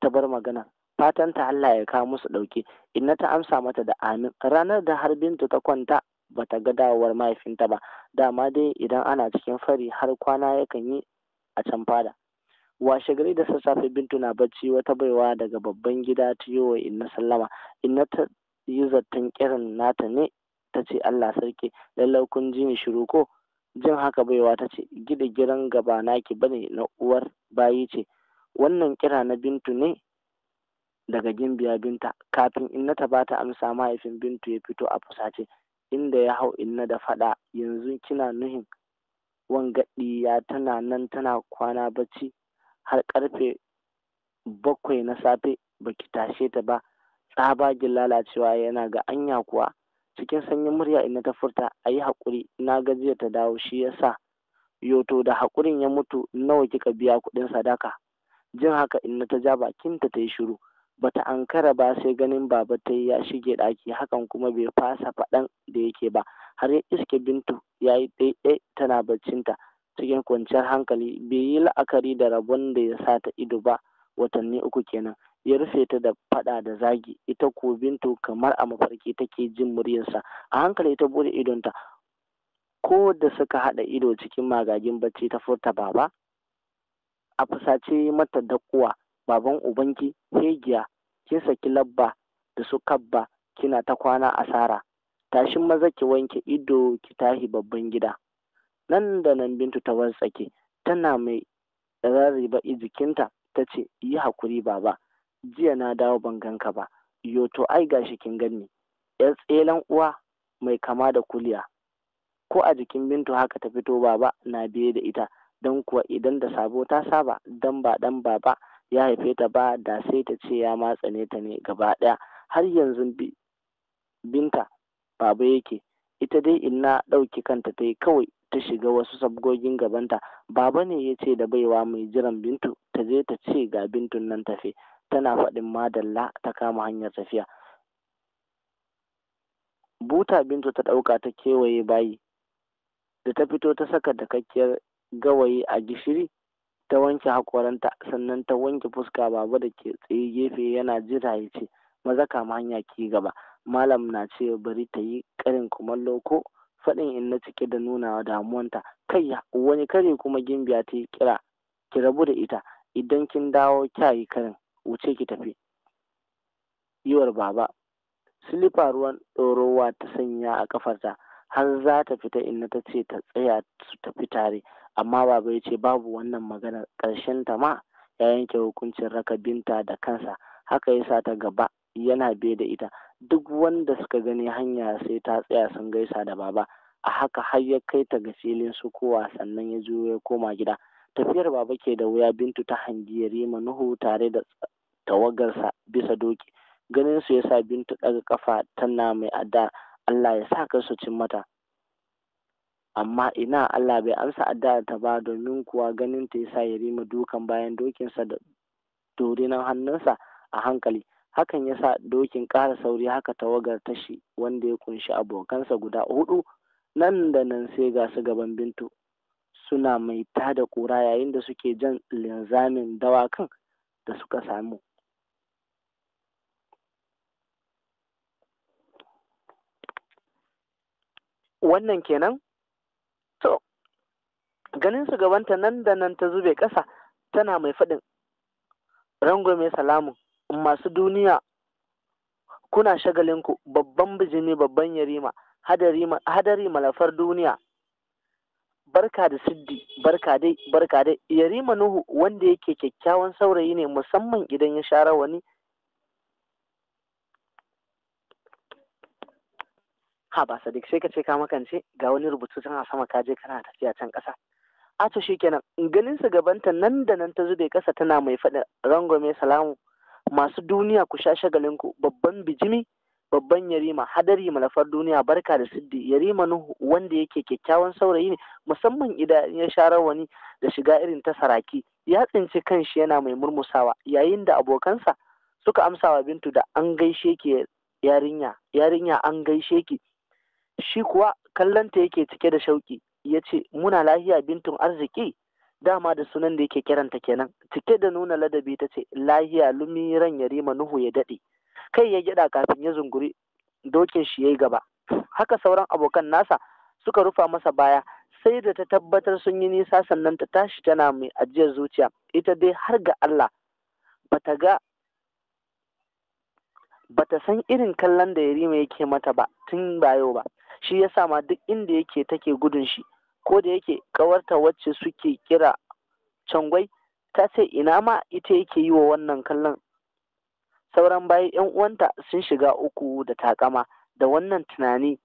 ta bar magana. fatan ta Allah ya kawo musu ɗauki inna ta amsa mata da amin ranar da har bintu ta kwanta bata ga dawowar mahaifinta ba dama dai idan ana cikin fari har kwana yakan yi a can fada washe gari da sassafe bintu na bacci wata baiwa daga babban gida ta yi wa inna sallama inna ta yi zaton kiran nata ne ta ce Allah sarki lallai kun ji ni shiru ko jin haka baiwa ta ce giran gaba naki bane na uwar bayi ce wannan kira na bintu ne daga gimbiya binta kafin inna ta bata amsa mahaifin bintu ya fito a fusace inda ya hau inna da fada yanzu kina nuhin wangaɗi ya tana nan tana kwana bacci har karfe bakwai na safe baki tashe ta ba tsabagin lalacewa yana ga anya kuwa cikin sanyin murya ina ta furta a yi haƙuri na gajiya ta dawo shi ya sa yoto da haƙurin ya mutu nawa kika biya kuɗin sadaka jin haka inna ta ja bakinta ta yi shiru bata ankara ba sai ganin baba ta ya shige ɗaki hakan kuma bai fasa faɗan da yake ba har ya iske bintu ya yi ɗaiɗai tana baccinta cikin kwanciyar hankali bai yi la'akari da rabon da ya sa ta ido ba watanni uku kenan ya rufe ta da fada da zagi ita ko bintu kamar a mafarki take jin muryarsa a hankali ta bude idonta ko da suka haɗa ido cikin magagin bacci ta furta baba a fusace mata dakuwa baban ubanki hegiya kin saki labba da su kabba kina ta kwana asara tashin maza ki wanke ido ki tahi babban gida nan da nan bintu ta wantsake tana mai rarriba jikinta ta ce yi hakuri baba jiya na dawo ban ganka ba yo to ai gashi kin ganni yar tselan uwa mai kama da kuliya ko a jikin bintu haka ta fito baba na biye da ita don kuwa idan da sabo ta saba dan ba dan baba ya haife ta ba da sai ta ce ya matsane ta ne gaba ɗaya har yanzu binta baba yake ita dai inna ɗauki kanta ta yi kawai ta shiga wasu sabgogin gabanta baba ne ya ce da baiwa mai jiran bintu ta je ta ce ga bintun nan tafe tana faɗin madalla ta kama hanyar tafiya buta bintu ta ɗauka ta kewaye bayi da ta fito ta saka dakakkiyar gawayi a gishiri ta wanke hakoranta sannan ta wanke fuska baba da ke tsaye gefe yana jira ya ce maza kama hanya ki gaba malam na ce bari ta yi karin kumallo ko faɗin in na cike da nuna damuwanta kai wani kare kuma gimbiya ta yi kira ki rabu da ita idan kin dawo kyayi karin wuce ki tafi yiwar baba silifa ruwan ɗorowa ta sanya a ƙafarta har za ta fita inna ta ce ta tsaya su tafi tare amma baba ya ce babu wannan maganar ƙarshen ta ma ya yanke hukuncin raka binta da kansa haka ya sa ta gaba yana biye da ita duk wanda suka gani hanya sai ta tsaya sun gaisa da baba a haka har ya kai ta ga filin su kowa sannan ya juyo ya koma gida Tafiyar Baba ke da wuya Bintu ta hangi Yarima Nuhu tare da tawagarsa bisa doki. Ganin su ya sa Bintu ɗaga kafa tana mai adda Allah ya sa kansu cin mata. Amma ina Allah bai amsa addu'ar ta ba domin kuwa ganin ta ya Yarima dukan bayan dokinsa da dorinan hannunsa a hankali. Hakan ya sa dokin ƙara sauri haka tawagar tashi wanda ya kunshi abokansa guda hudu nan da nan sai ga su gaban Bintu suna mai da kura yayin da suke jan linzamin dawakan da suka samu wannan kenan to ganin su gabanta nan da nan ta zube ƙasa tana mai faɗin mai salamu masu duniya kuna shagalinku babban bijimi babban yarima hadari malafar duniya barka da siddi barka dai barka dai yarima nuhu wanda yake kyakkyawan saurayi ne musamman idan ya share wani. ha ba sadik sai ka ce ka makance ga wani rubutu can a sama kaje kana tafiya can ƙasa a to shikenan ganin sa gabanta nan da nan ta zube kasa tana mai faɗin rangwame salamu masu duniya ku sha shagalin ku babban bijimi babban yarima hadari malafar duniya barka da siddi yarima nuhu wanda yake kyakkyawan saurayi ne musamman idan ya sha rawani da shiga irin ta saraki ya tsinci kanshi yana mai murmusawa yayin da abokansa suka amsawa bintu da an gaishe ki yarinya yarinya an gaishe ki shi kuwa kallonta yake cike da shauki ya ce muna lahiya bintun arziki dama da sunan da yake kiranta kenan cike da nuna ladabi ta ce lahiya lumiran yarima nuhu ya daɗe kai ya gyada kafin ya zunguri dokin shi yayi gaba haka sauran abokan nasa suka rufa masa baya sai da ta tabbatar sun yi nisa sannan ta tashi tana mai ajiyar zuciya ita dai har ga Allah bata ga bata san irin kallon da Yarima yake mata ba tun ba ba shi yasa ma duk inda yake take gudun shi ko da yake kawarta wacce suke kira cangwai ta ce ina ma ita yake yi wa wannan kallon sauran bayi yan uwanta sun shiga uku da takama da wannan tunani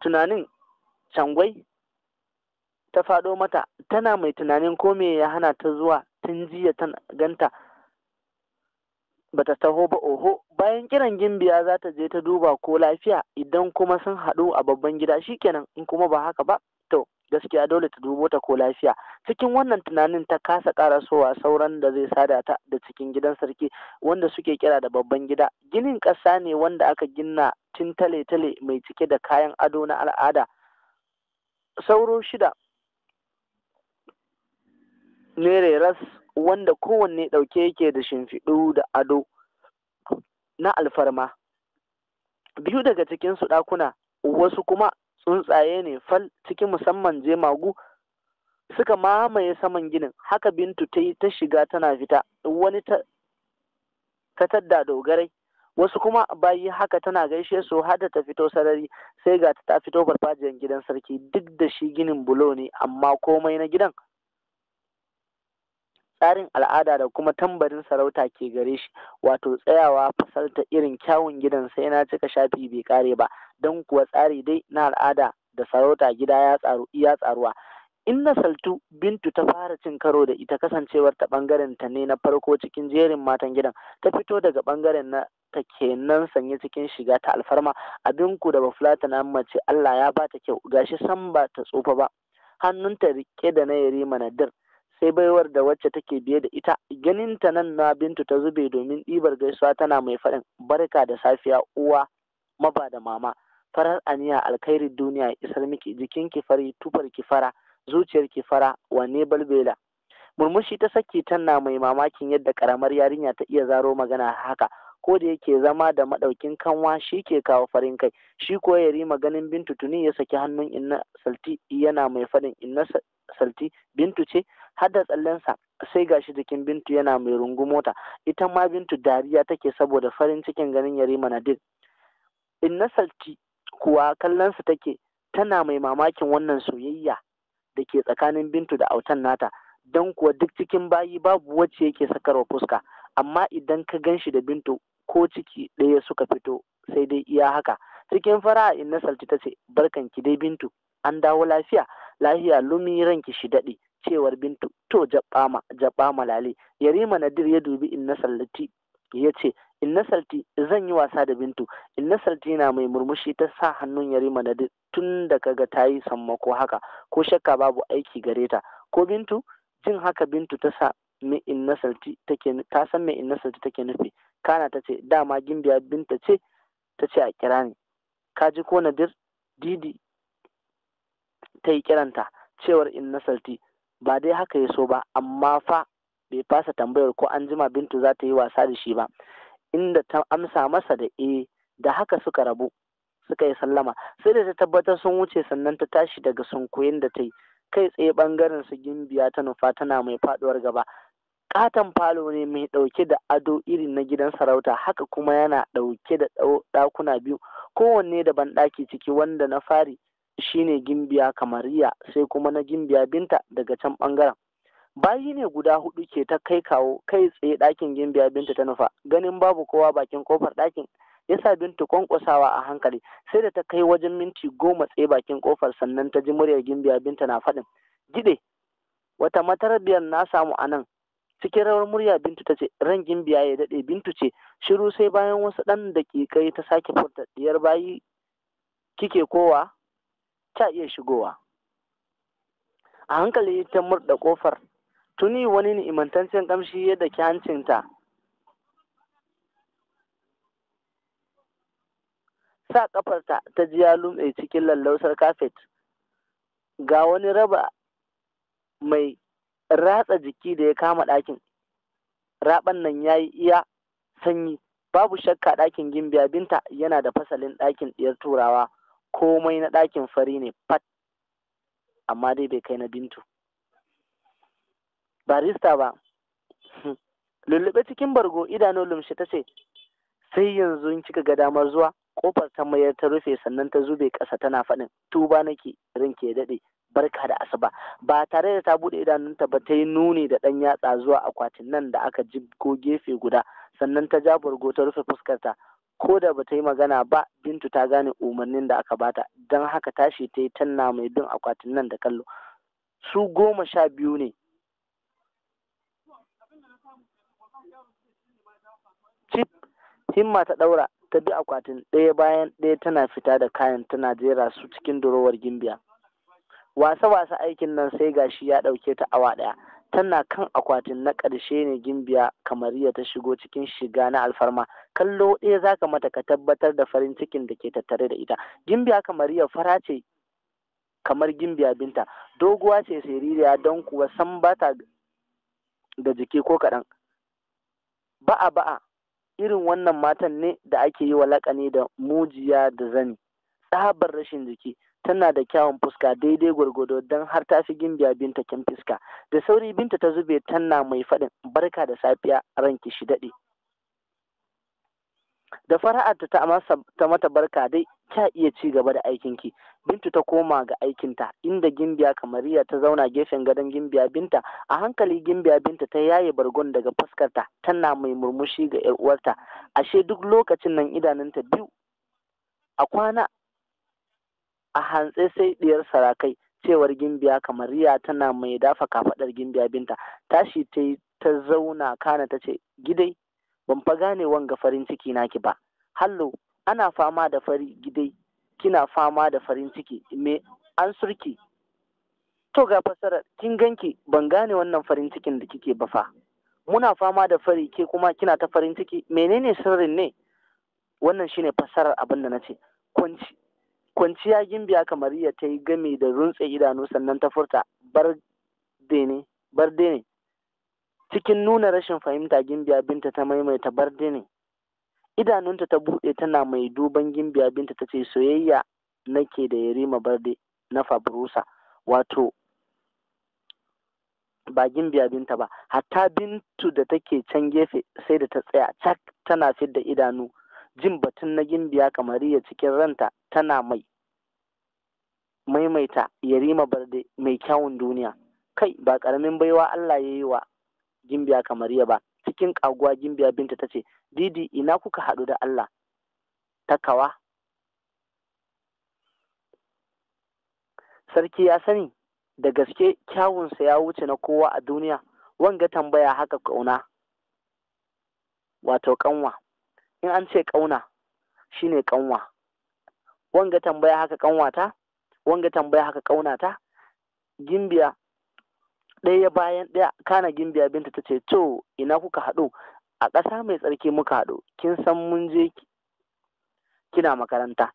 tunanin cangwai ta faɗo mata tana mai tunanin ko me ya hana ta zuwa tun jiya ta ganta bata taho ba oho bayan kiran gimbiya za ta je ta duba ko lafiya idan kuma sun haɗu a babban gida shi kenan in kuma ba haka ba gaskiya dole ta dubo ta ko lafiya cikin wannan tunanin ta kasa karasowa sauran da zai sada ta da cikin gidan sarki wanda suke kira da babban gida ginin ƙasa ne wanda aka gina tun tale-tale mai cike da kayan ado na al'ada sauro shida ne ras wanda kowanne ɗauke yake da shimfiɗu da ado na alfarma biyu daga cikinsu ɗakuna wasu kuma tsuntsaye ne fal cikin musamman jemagu suka mamaye saman ginin haka bintu ta yi ta shiga tana fita wani ta tadda dogarai wasu kuma bayi haka tana gaishe su har ta fito sarari sai ga ta fito farfajiyar gidan sarki duk da shi ginin bulo ne amma komai na gidan tsarin al'ada da kuma tambarin sarauta ke gare shi wato tsayawa fasalta irin kyawun gidan sai na cika shafi bai kare ba don kuwa tsari dai na al'ada da sarauta gida ya tsaru iya tsaruwa in na saltu bintu ta fara cin karo da ita kasancewar ta bangaren ta ne na farko cikin jerin matan gidan ta fito daga bangaren na ta kenan sanye cikin shiga ta alfarma abin ku da bafulata na mace Allah ya bata kyau gashi san ba ta tsufa ba hannunta rike da na yari manadir sai baiwar da wacce take biye da ita ganin ta nan na bintu ta zube domin ɗibar gaisuwa tana mai faɗin barka da safiya uwa maba da mama farar aniya alkhairin duniya isar miki jikin ki fari tufar ki fara zuciyar ki fara wane balbela murmushi ta saki na mai mamakin yadda karamar yarinya ta iya zaro magana haka ko da yake zama da madaukin kanwa shi ke kawo farin kai shi ko ya rima ganin bintu tuni ya saki hannun inna salti yana mai faɗin inna salti bintu ce har da tsallensa sai ga shi jikin bintu yana mai rungumota ita ma bintu dariya take saboda farin cikin ganin yarima nadir inna salti kuwa kallonsa take tana mai mamakin wannan soyayya da ke tsakanin bintu da autan nata don kuwa duk cikin bayi babu wacce yake sakarwa fuska amma idan ka gan shi da bintu ko ciki ɗaya suka fito sai dai iya haka cikin fara'a inna salti ta ce barkan ki dai bintu an dawo lafiya Lahiya, lumi ranki shi daɗe cewar bintu to jabba malali yarima nadir ya dubi inna sallati ya ce inna salti zan yi wasa da bintu inna salti na mai murmushi ta sa hannun yarima nadir tun da kaga ta yi sammako haka ko shakka babu aiki gare ta ko bintu jin haka bintu ta sa me in nasalti take ta san me inna salti take nufi kana ta ce dama gimbiya binta ce ta ce a kira ni ka ko nadir didi ta yi kiranta cewar in nasalti ba dai haka ya so ba amma fa bai fasa tambayar ko an jima bintu za ta yi wasa da shi ba inda ta amsa masa da e da haka suka rabu suka yi sallama sai da ta tabbatar sun wuce sannan ta tashi daga sunkuyin da ta yi kai tsaye bangaren su gimbiya ta nufa tana mai faduwar gaba katon falo ne mai dauke da ado irin na gidan sarauta haka kuma yana dauke da dakuna biyu kowanne da banɗaki ciki wanda na fari shine gimbiya kamariya sai kuma na gimbiya binta daga can bangaren bayi ne guda hudu ke ta kai kawo kai tsaye ɗakin gimbiya binta ta nufa ganin babu kowa bakin kofar ɗakin yasa binta kwankwasawa a hankali sai da ta kai wajen minti goma tsaye bakin kofar sannan ta ji muryar gimbiya binta na faɗin gide wata matarabiyar na samu a nan cikin rawar murya bintu ta ce ran gimbiya ya daɗe bintu ce shiru sai bayan wasu ɗan daƙiƙai ta sake furta diyar bayi kike kowa ta iya shigowa a hankali ta murda kofar tuni wani ni'imantancin ƙamshi yadda daki hancinta sa ƙafarta ta ji ya lumɓe cikin lallausar kafet ga wani raba mai ratsa jiki da ya kama ɗakin raɓan nan ya yi iya sanyi babu shakka ɗakin gimbiya binta yana da fasalin ɗakin ɗiyar turawa komai na ɗakin fari ne fat amma dai bai kai na bintu barista ba lullube cikin bargo idanu lumshe ta ce sai yanzu kika ga damar zuwa kofar ta mayar ta rufe sannan ta zube ƙasa tana faɗin tuba nake ranke ke daɗe barka da asuba ba tare da ta buɗe idanunta ba ta yi nuni da ɗan yatsa zuwa akwatin nan da aka jibgo gefe guda sannan ta ja bargo ta rufe fuskarta ko da ba ta yi magana ba bintu ta gane umarnin da aka bata don haka tashi ta yi tanna mai bin akwatin nan da kallo su goma sha biyu ne cip himma ta ɗaura ta bi akwatin ɗaya bayan ɗaya tana fita da kayan tana jera su cikin durowar gimbiya wasa wasa aikin nan sai gashi ya ɗauke ta awa ɗaya tana kan akwatin na ƙarshe ne gimbiya kamariya ta shigo cikin shiga na alfarma kallo ɗaya za ka mata ka tabbatar da farin cikin da ke tattare da ita gimbiya kamariya fara ce kamar gimbiya binta doguwa ce siririya don kuwa san ba ta da jiki ko kaɗan ba'a ba'a irin wannan matan ne da ake yi wa laƙani da mujiya da zani tsabar rashin jiki tana da kyawun fuska daidai gwargwado don har ta fi gimbiya binta kin fuska da sauri binta ta zube tana mai faɗin barka da safiya ranki shi daɗe da fara'arta ta mata barka dai kya iya ci gaba da aikinki bintu ta koma ga aikinta inda gimbiya kamariya ta zauna gefen gadon gimbiya binta a hankali gimbiya binta ta yaye bargon daga fuskarta tana mai murmushi ga 'yar uwarta ashe duk lokacin nan idanunta biyu a kwana a hantse sai ɗiyar sarakai cewar gimbiya kamar riya tana mai dafa kafaɗar gimbiya binta tashi ta yi ta zauna kana ta ce gidai ban fa gane wanga farin ciki naki ba hallo ana fama da fari gidai kina fama da farin ciki me an surki to ga fasara kin ganki ban gane wannan farin cikin da kike ba fa muna fama da fari ke kuma kina ta farin ciki menene sirrin ne wannan shine fasarar abin da nace kunci kwanciya gimbiya ya ta yi gami da runtse idanu sannan ta furta bar ne bar dene cikin nuna rashin fahimta gimbiya binta ta maimaita bar ne idanunta ta buɗe tana mai duban gimbiya binta ta ce soyayya nake da yarima barde na fabrusa wato ba gimbiya binta ba hatta bintu da take can gefe sai da ta tsaya cak tana fidda idanu jin batun na gimbiya kamariya cikin ranta tana mai maimaita yarima barde mai kyawun duniya kai ba karamin baiwa Allah ya yi wa gimbiya kamariya ba cikin kaguwa gimbiya binta ta ce didi ina kuka haɗu da Allah ta kawa sarki ya sani da gaske kyawunsa ya wuce na kowa a duniya wanga tambaya haka kauna wato kanwa in an ce ƙauna shine ƙanwa wanga tambaya haka ƙanwata wanga tambaya haka ƙaunata gimbiya ɗaya bayan ɗaya kana gimbiya binta ta ce to ina kuka haɗu a ƙasa mai tsarki muka haɗu kin san mun je kina makaranta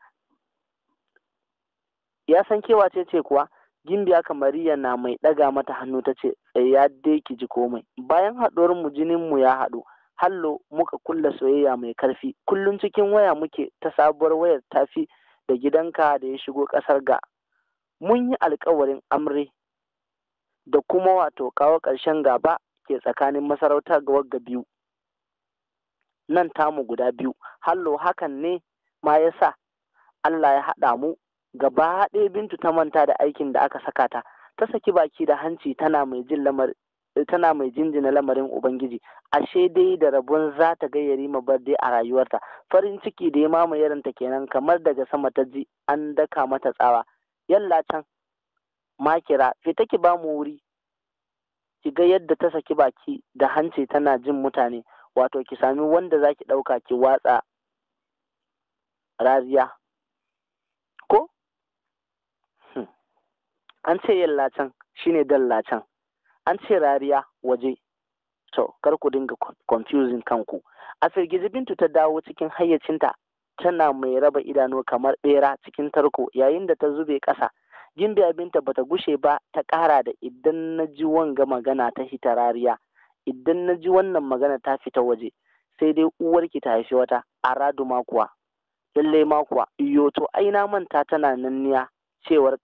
ya san kewa ce ce kuwa gimbiya kamariya na mai ɗaga mata hannu ta ce ya ki ji komai bayan haɗuwar mu jinin ya haɗu hallo muka kulla soyayya mai karfi kullum cikin waya muke ta sabuwar wayar tafi da gidanka da ya shigo ƙasar ga mun yi alkawarin amre da kuma wato kawo ƙarshen gaba ke tsakanin masarauta ga wagga biyu nan tamu guda biyu hallo hakan ne ma ya sa Allah ya haɗa mu gaba ɗaya bintu ta manta da aikin da aka saka ta ta saki baki da hanci tana mai jin lamar. tana mai jinjina lamarin ubangiji ashe dai da rabon za ta ga yarima a rayuwarta farin ciki da ya mamaye ranta kenan kamar daga sama ta ji an daka mata tsawa yalla can makira fita ki bamu wuri ki ga yadda ta saki baki da hanci tana jin mutane wato ki sami wanda za ki ɗauka ki watsa rariya ko hmm. an ce yalla can shine dalla can an ce rariya waje to kar ku dinga confusing kanku a firgizi bintu ta dawo cikin hayyacinta tana mai raba idanu kamar bera cikin tarko yayin da ta zube ƙasa gimbi abinta bata gushe ba ta ƙara da idan na ji wanga magana ta hita rariya idan na ji wannan magana ta fita waje sai dai uwarki ta haifi wata a radu makuwa lalle makuwa iyo to aina manta tana nanniya cewar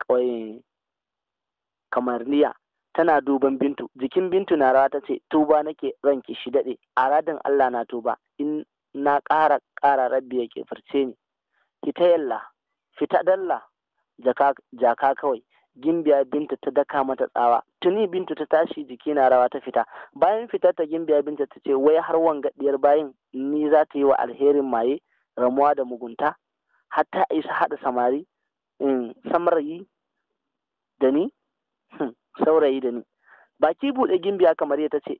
kamar niya tana duban bintu jikin bintu na rawa ta ce tuba nake ranki shi daɗe a radin allah na tuba in na ƙara ƙara rabbi ya ke farce ni fita yalla fita dalla jaka, kawai gimbiya binta ta daka mata tsawa tuni bintu ta tashi jiki na rawa ta fita bayan fitar ta gimbiya binta ta ce wai har wangaɗiyar bayan ni za ta yi wa alherin maye ramuwa da mugunta hatta isa haɗa samari in samarayi da ni hmm. saurayi da ni baki buɗe gimbiya kamar ya ta ce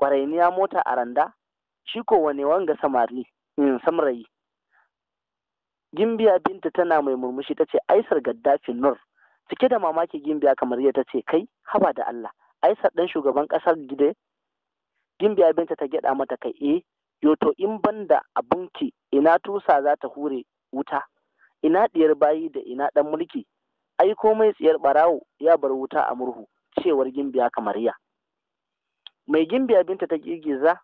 ƙwarainiya mota a randa shi ko wane wanga samari in hmm, samrayi gimbiya binta tana mai murmushi ta ce aisar gaddafi nur cike da mamaki gimbiya kamar ya ce kai haba da allah aisar ɗan shugaban ƙasar gida gimbiya binta ta gyaɗa mata kai eh yoto in banda abunki ina tusa za ta hure wuta ina ɗiyar bayi da ina ɗan mulki ai komai tsiyar barawo ya bar wuta a murhu cewar gimbiya ya mai gimbiya binta ta girgiza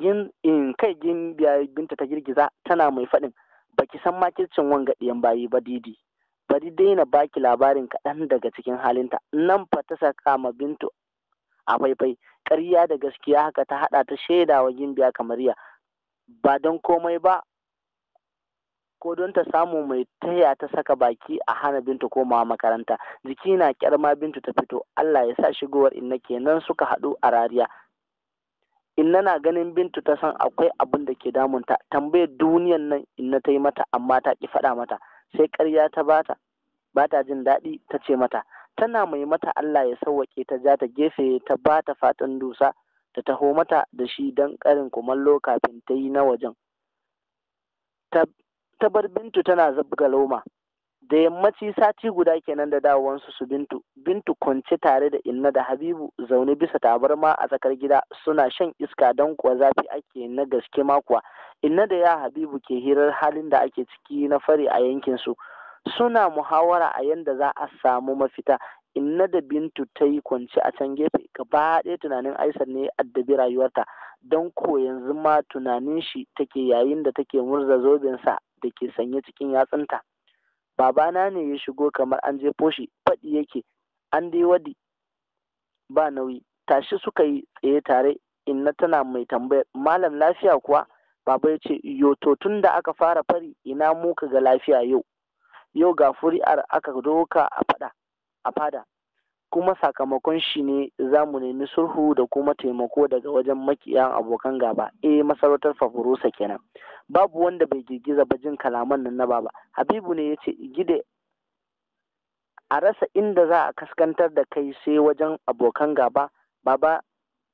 gin in kai gimbiya binta ta girgiza tana mai faɗin baki san makircin wanga ɗiyan bayi ba didi bari daina baki labarin kaɗan daga cikin halinta nan fa ta saka ma bintu a faifai ƙarya da gaskiya haka ta haɗa ta shaidawa wa gimbiya ya ba don komai ba ko don ta samu mai taya ta saka baki a hana Bintu komawa makaranta jiki na kyarma bintu ta fito Allah ya sa shigowar inna kenan suka haɗu a rariya inna na ganin bintu ta san akwai abin da ke damunta tambayar duniyan nan inna ta yi mata amma ta ki faɗa mata sai ƙarya ta bata bata jin daɗi ta ce mata tana mai mata Allah ya sauwaƙe ta ja ta gefe ta bata fatan dusa ta taho mata da shi don ƙarin kumallo kafin ta yi na wajen ta bar bintu tana zabga loma da yammaci sati guda kenan da dawowansu su bintu bintu kwance tare da inna da habibu zaune bisa tabarma a tsakar gida suna shan iska don kuwa zafi ake na gaske makuwa inna da ya habibu ke hirar halin da ake ciki na fari a yankinsu suna muhawara a yadda za a samu mafita inna da bintu ta yi kwanci a can gefe gaba ɗaya tunanin aisar ne addabi rayuwarta don ko yanzu ma tunanin shi take yayin da take murza zobensa da ke sanye cikin yatsunta babana ne ya shigo kamar an jefo shi faɗi yake an dai wadi ba nauyi tashi suka yi tsaye tare inna tana mai tambayar malam lafiya kuwa baba ya ce yoto tun da aka fara fari ina muka ga lafiya yau yau ga furi'ar aka doka a faɗa a fada kuma sakamakon shi ne za mu nemi sulhu da kuma taimako daga wajen makiyan abokan gaba eh masarautar fafurusa kenan babu wanda bai girgiza ba jin kalaman nan na baba habibu ne ya ce gide a rasa inda za a kaskantar da kai sai wajen abokan gaba baba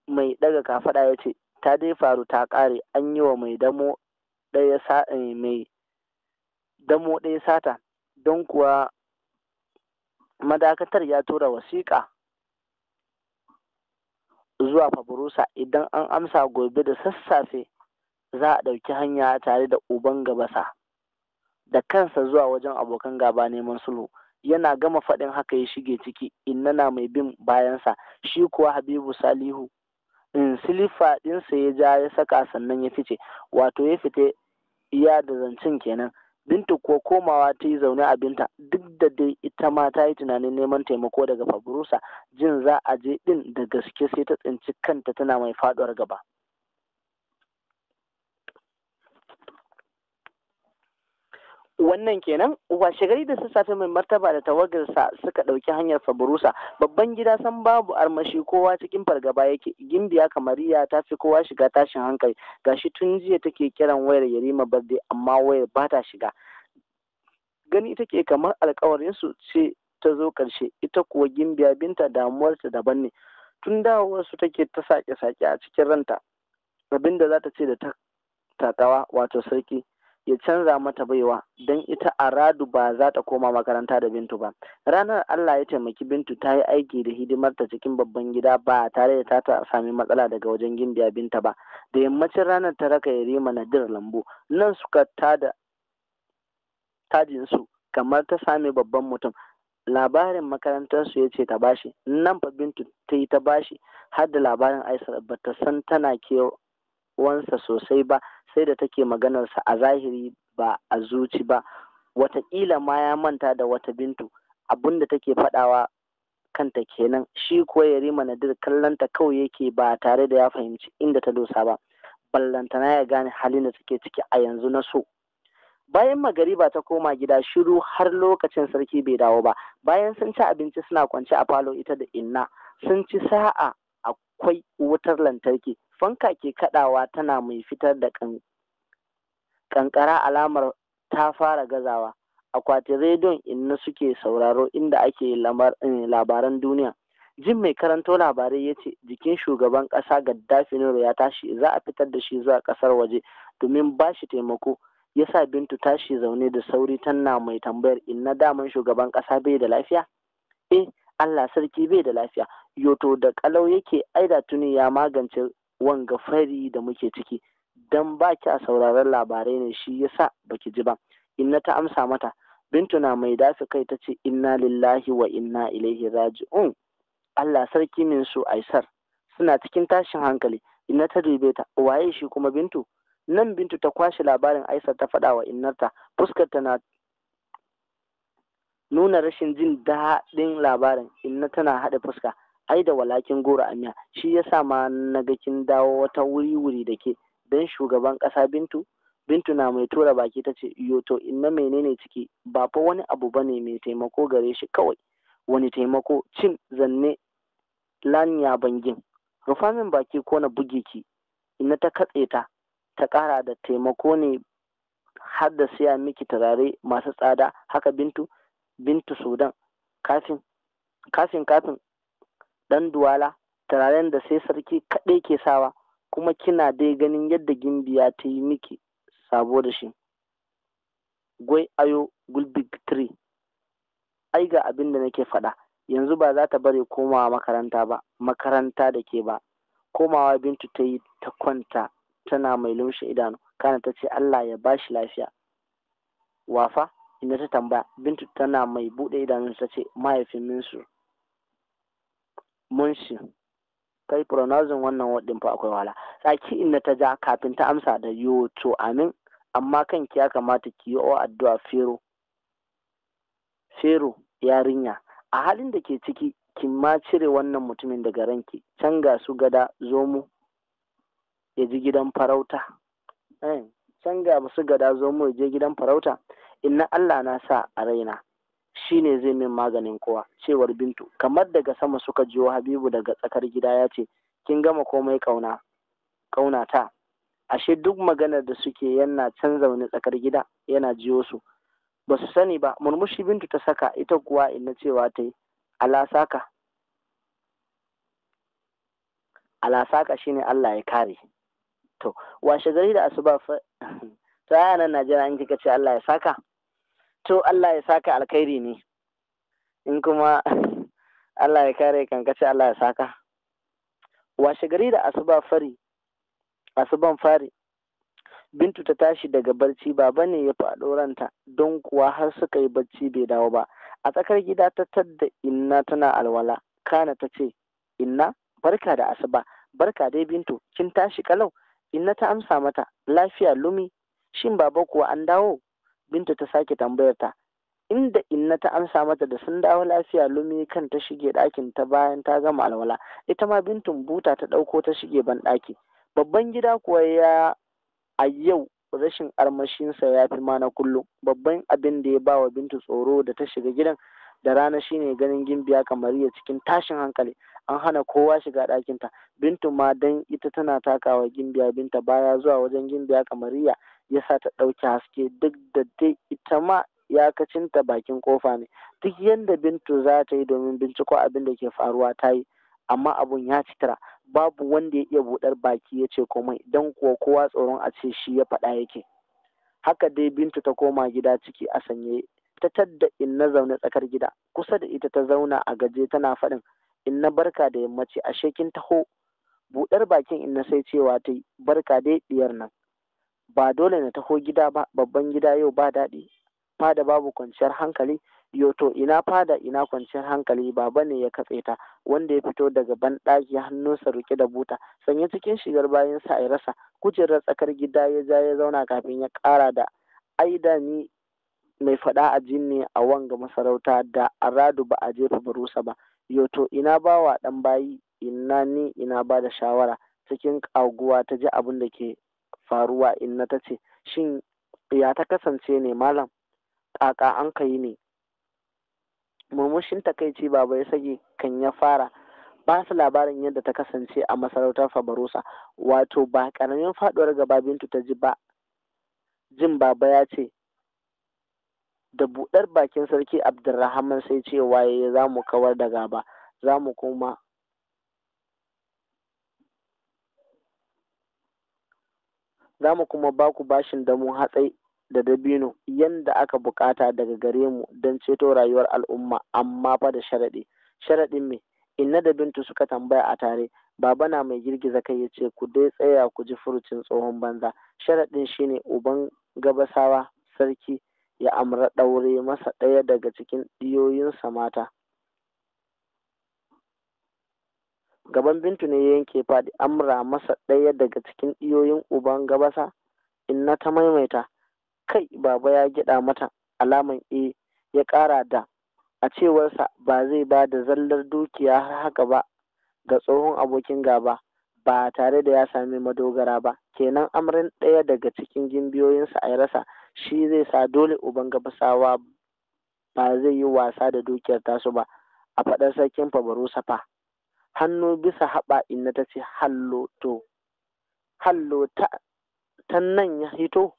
mai daga kafada ya ce ta dai faru ta kare an yi wa mai damo ɗaya eh, sata don kuwa madakatar ya tura wasiƙa zuwa Fabrusa idan an amsa gobe da sassafe za a ɗauki hanya tare da uban gabasa da kansa zuwa wajen abokan gaba neman sulhu yana gama faɗin haka ya shige ciki na mai bin bayansa shi kuwa habibu salihu in silifa ɗinsa ya ja ya saka sannan ya fice wato ya fita iya da zancen kenan Binta ko komawa ta yi zaune a Binta, duk da dai ita ma ta yi tunanin neman taimako daga Fabrusa jin za a je ɗin da gaske sai ta tsinci kanta tana mai faɗuwar gaba. wannan kenan washe gari da sassafe mai martaba da tawagarsa suka ɗauki hanyar faburusa babban gida san babu armashi kowa cikin fargaba yake gimbiya kamariya ta fi kowa shiga tashin hankali gashi tun jiya take kiran wayar yarima birthday amma wayar ba ta shiga gani take kamar alkawarinsu ce ta zo karshe ita kuwa gimbiya binta damuwarta daban ne tun dawowarsu take ta sake-sake a cikin ranta abinda za ta ce da ta tatawa wato sarki ya canza mata baiwa don ita a radu ba za ta koma makaranta da bintu ba ranar allah ya taimaki bintu ta yi aiki da hidimarta cikin babban gida ba tare da ta sami matsala daga wajen gimbiya binta ba da yammacin ranar ta raka yarima nadir lambu nan suka tada tajinsu kamar ta sami babban mutum labarin makarantarsu ya ce ta bashi nan fa bintu ta yi ta bashi har da labarin aisar ba ta san tana kewansa sosai ba sai da take maganarsa a zahiri ba a zuci ba watakila ma ya manta da wata bintu abin da take faɗawa kanta kenan shi kuwa ya rima kallon kallonta kawai yake ba tare da ya fahimci inda ta dosa ba ballantana ya gane halin da suke ciki a yanzu na so bayan magari ba ta koma gida shiru har lokacin sarki bai dawo ba bayan sun ci abinci suna kwance a falo ita da inna sun ci sa'a akwai wutar lantarki fanka ke kaɗawa tana mai fitar da ƙanƙara alamar ta fara gazawa akwatin rediyon inna suke sauraro inda ake eh, labaran duniya Jin mai karanto labarai ya ce jikin shugaban ƙasa gaddafi nero ya tashi za a fitar da shi zuwa ƙasar waje domin ba shi taimako ya sa bintu tashi zaune da sauri tana mai tambayar inna daman shugaban ƙasa bai da lafiya eh allah sarki bai da lafiya yoto da kalau yake aida tuni ya magance wanga fari da muke ciki dan ba ki a sauraron labarai ne shi yasa baki ji ba inna ta amsa mata bintu na mai dafi kai ta ce inna lillahi wa inna ilaihi raji'un Allah sarki min su aisar suna cikin tashin hankali inna ta dube ta waye shi kuma bintu nan bintu ta kwashe labarin aisar ta faɗa wa innarta fuskar ta na nuna rashin jin daɗin labarin inna tana haɗa fuska ai da walakin goro a miya shi yasa ma na ga kin dawo wata wuri wuri da ke don shugaban ƙasa bintu bintu na mai tura baki ta ce iyo to inna menene ciki ba fa wani abu bane mai taimako gare shi kawai wani taimako cin zanne lanya bangin rufamin baki ko na buge ki na ta katse ta ta ƙara da taimako ne har da siya miki turare masu tsada haka bintu bintu sudan kafin kafin kafin ɗan duwala turaren da sai sarki kaɗai ke sawa kuma kina dai ganin yadda gimbiya ta yi miki sabo da shi gwai ayo gulbig tree ai ga abin da nake faɗa yanzu ba za ta bare komawa makaranta ba makaranta da ke ba komawa bintu ta yi ta kwanta tana mai lumshe idanu kana ta ce allah ya bashi lafiya wafa inda ta tambaya bintu tana mai buɗe idanun ta ce mahaifin minsu munshi kai pronouncing wannan word fa akwai wahala saki inna ta ja kafin ta amsa da yo to amin amma kan ki ya kamata ki yi o addu'a fero fero yarinya a halin da ke ciki kin ma cire wannan mutumin daga ranki can ga su gada zo mu ya ji gidan farauta eh, can ga su gada zo mu ya je gidan farauta inna Allah na sa a raina shine zai min maganin kowa cewar bintu kamar daga sama suka jiwo habibu daga tsakar gida ya ce kin gama komai kauna kaunata ashe duk maganar da suke yana can zaune tsakar gida yana jiwo su ba su sani ba murmushi bintu ta saka ita kuwa ina cewa ta yi alasaka alasaka shine Allah ya kare to washe gari da asuba ta yana Najeriya in kika ce Allah ya saka to Allah ya saka alkhairi ne in kuma Allah ya kare kankace Allah ya saka washe gari da asuba fari asuban fari bintu ta tashi daga barci baba ne ya faɗo ranta don kuwa har suka yi barci bai dawo ba a tsakar gida ta tadda inna tana alwala kana ta ce inna barka da asuba barka dai bintu kin tashi kalau inna ta amsa mata lafiya lumi shin baba kuwa an dawo Binta ta sake tambayar ta. Inda inna ta amsa mata da sun dawo lafiya lumi kan ta shige ɗakin ta bayan ta gama alwala. Ita ma bintun buta ta ɗauko ta shige ban ɗaki. Babban gida kuwa ya a yau rashin armashinsa ya fi ma na kullum. Babban abin da ya ba wa bintu tsoro da ta shiga gidan da rana shine ganin gimbiya kamariya cikin tashin hankali an hana kowa shiga ɗakinta bintu ma dan ita tana takawa gimbiya binta baya zuwa wajen gimbiya kamariya ya sa ta ɗauki haske duk da dai ita ma ya kacinta bakin kofa ne duk yadda bintu za ta yi domin binciko abin da ke faruwa ta yi amma abun ya citira babu wanda ya iya buɗar baki ya ce komai don kuwa kowa tsoron a ce shi ya faɗa yake haka dai bintu ta koma gida ciki a sanye ta tadda in na zaune tsakar gida kusa da ita ta zauna a gaje tana faɗin In na barka da yammaci ashe kin taho buɗar bakin in na sai cewa ta yi, barka dai diyar nan ba dole na taho gida ba babban gida yau ba daɗi fada babu kwanciyar hankali yoto ina fada ina kwanciyar hankali baba ne ya katse ta wanda ya fito daga banɗaki hannunsa rike da buta sanye cikin shigar bayan sa a rasa kujerar tsakar gida ya ja ya zauna kafin ya ƙara da aida ni mai faɗa a jinne a wanga masarauta da aradu ba a jefa barusa ba yoto ina bawa ɗan bayi ina ni ina ba da shawara cikin ƙaguwa ta ji abin da ke faruwa inna ta ce shin ya ta kasance ne malam ƙaƙa an ka yi ne murmushin takaici baba ya sage kan ya fara ba su labarin yadda ta kasance a masarautar fabarosa wato ba ƙaramin faɗuwar gaba bintu ta ji ba jin baba ya ce da buɗar bakin sarki abdulrahman sai cewa ya za mu kawar da gaba za mu koma. za mu kuma ba ku bashin mu hatsai da dabino yadda aka bukata daga gare mu don ceto rayuwar al'umma amma fa da sharaɗi sharaɗin me inna da bintu suka tambaya a tare baba na mai girgiza kai ya ce ku dai tsaya ku ji furucin tsohon banza sharaɗin shine uban gabasawa sarki ya amra ɗaure masa ɗaya daga cikin ɗiyoyinsa mata Gaban Bintu ne ya yanke faɗi, amra masa ɗaya daga cikin iyoyin uban gabasa, inna ta maimaita, kai baba ya gida mata alaman e ya ƙara da a cewarsa ba zai ba da zallar dukiya har haka ba ga tsohon abokin gaba ba tare da ya sami madogara ba kenan amrin ɗaya daga cikin gimbiyoyinsa a rasa shi zai sa dole uban gabasawa ba zai yi wasa da dukiyar tasu ba a faɗar sarkin fabaru safa hannu bisa haɓa ina ta ce hallo ta nan ya hito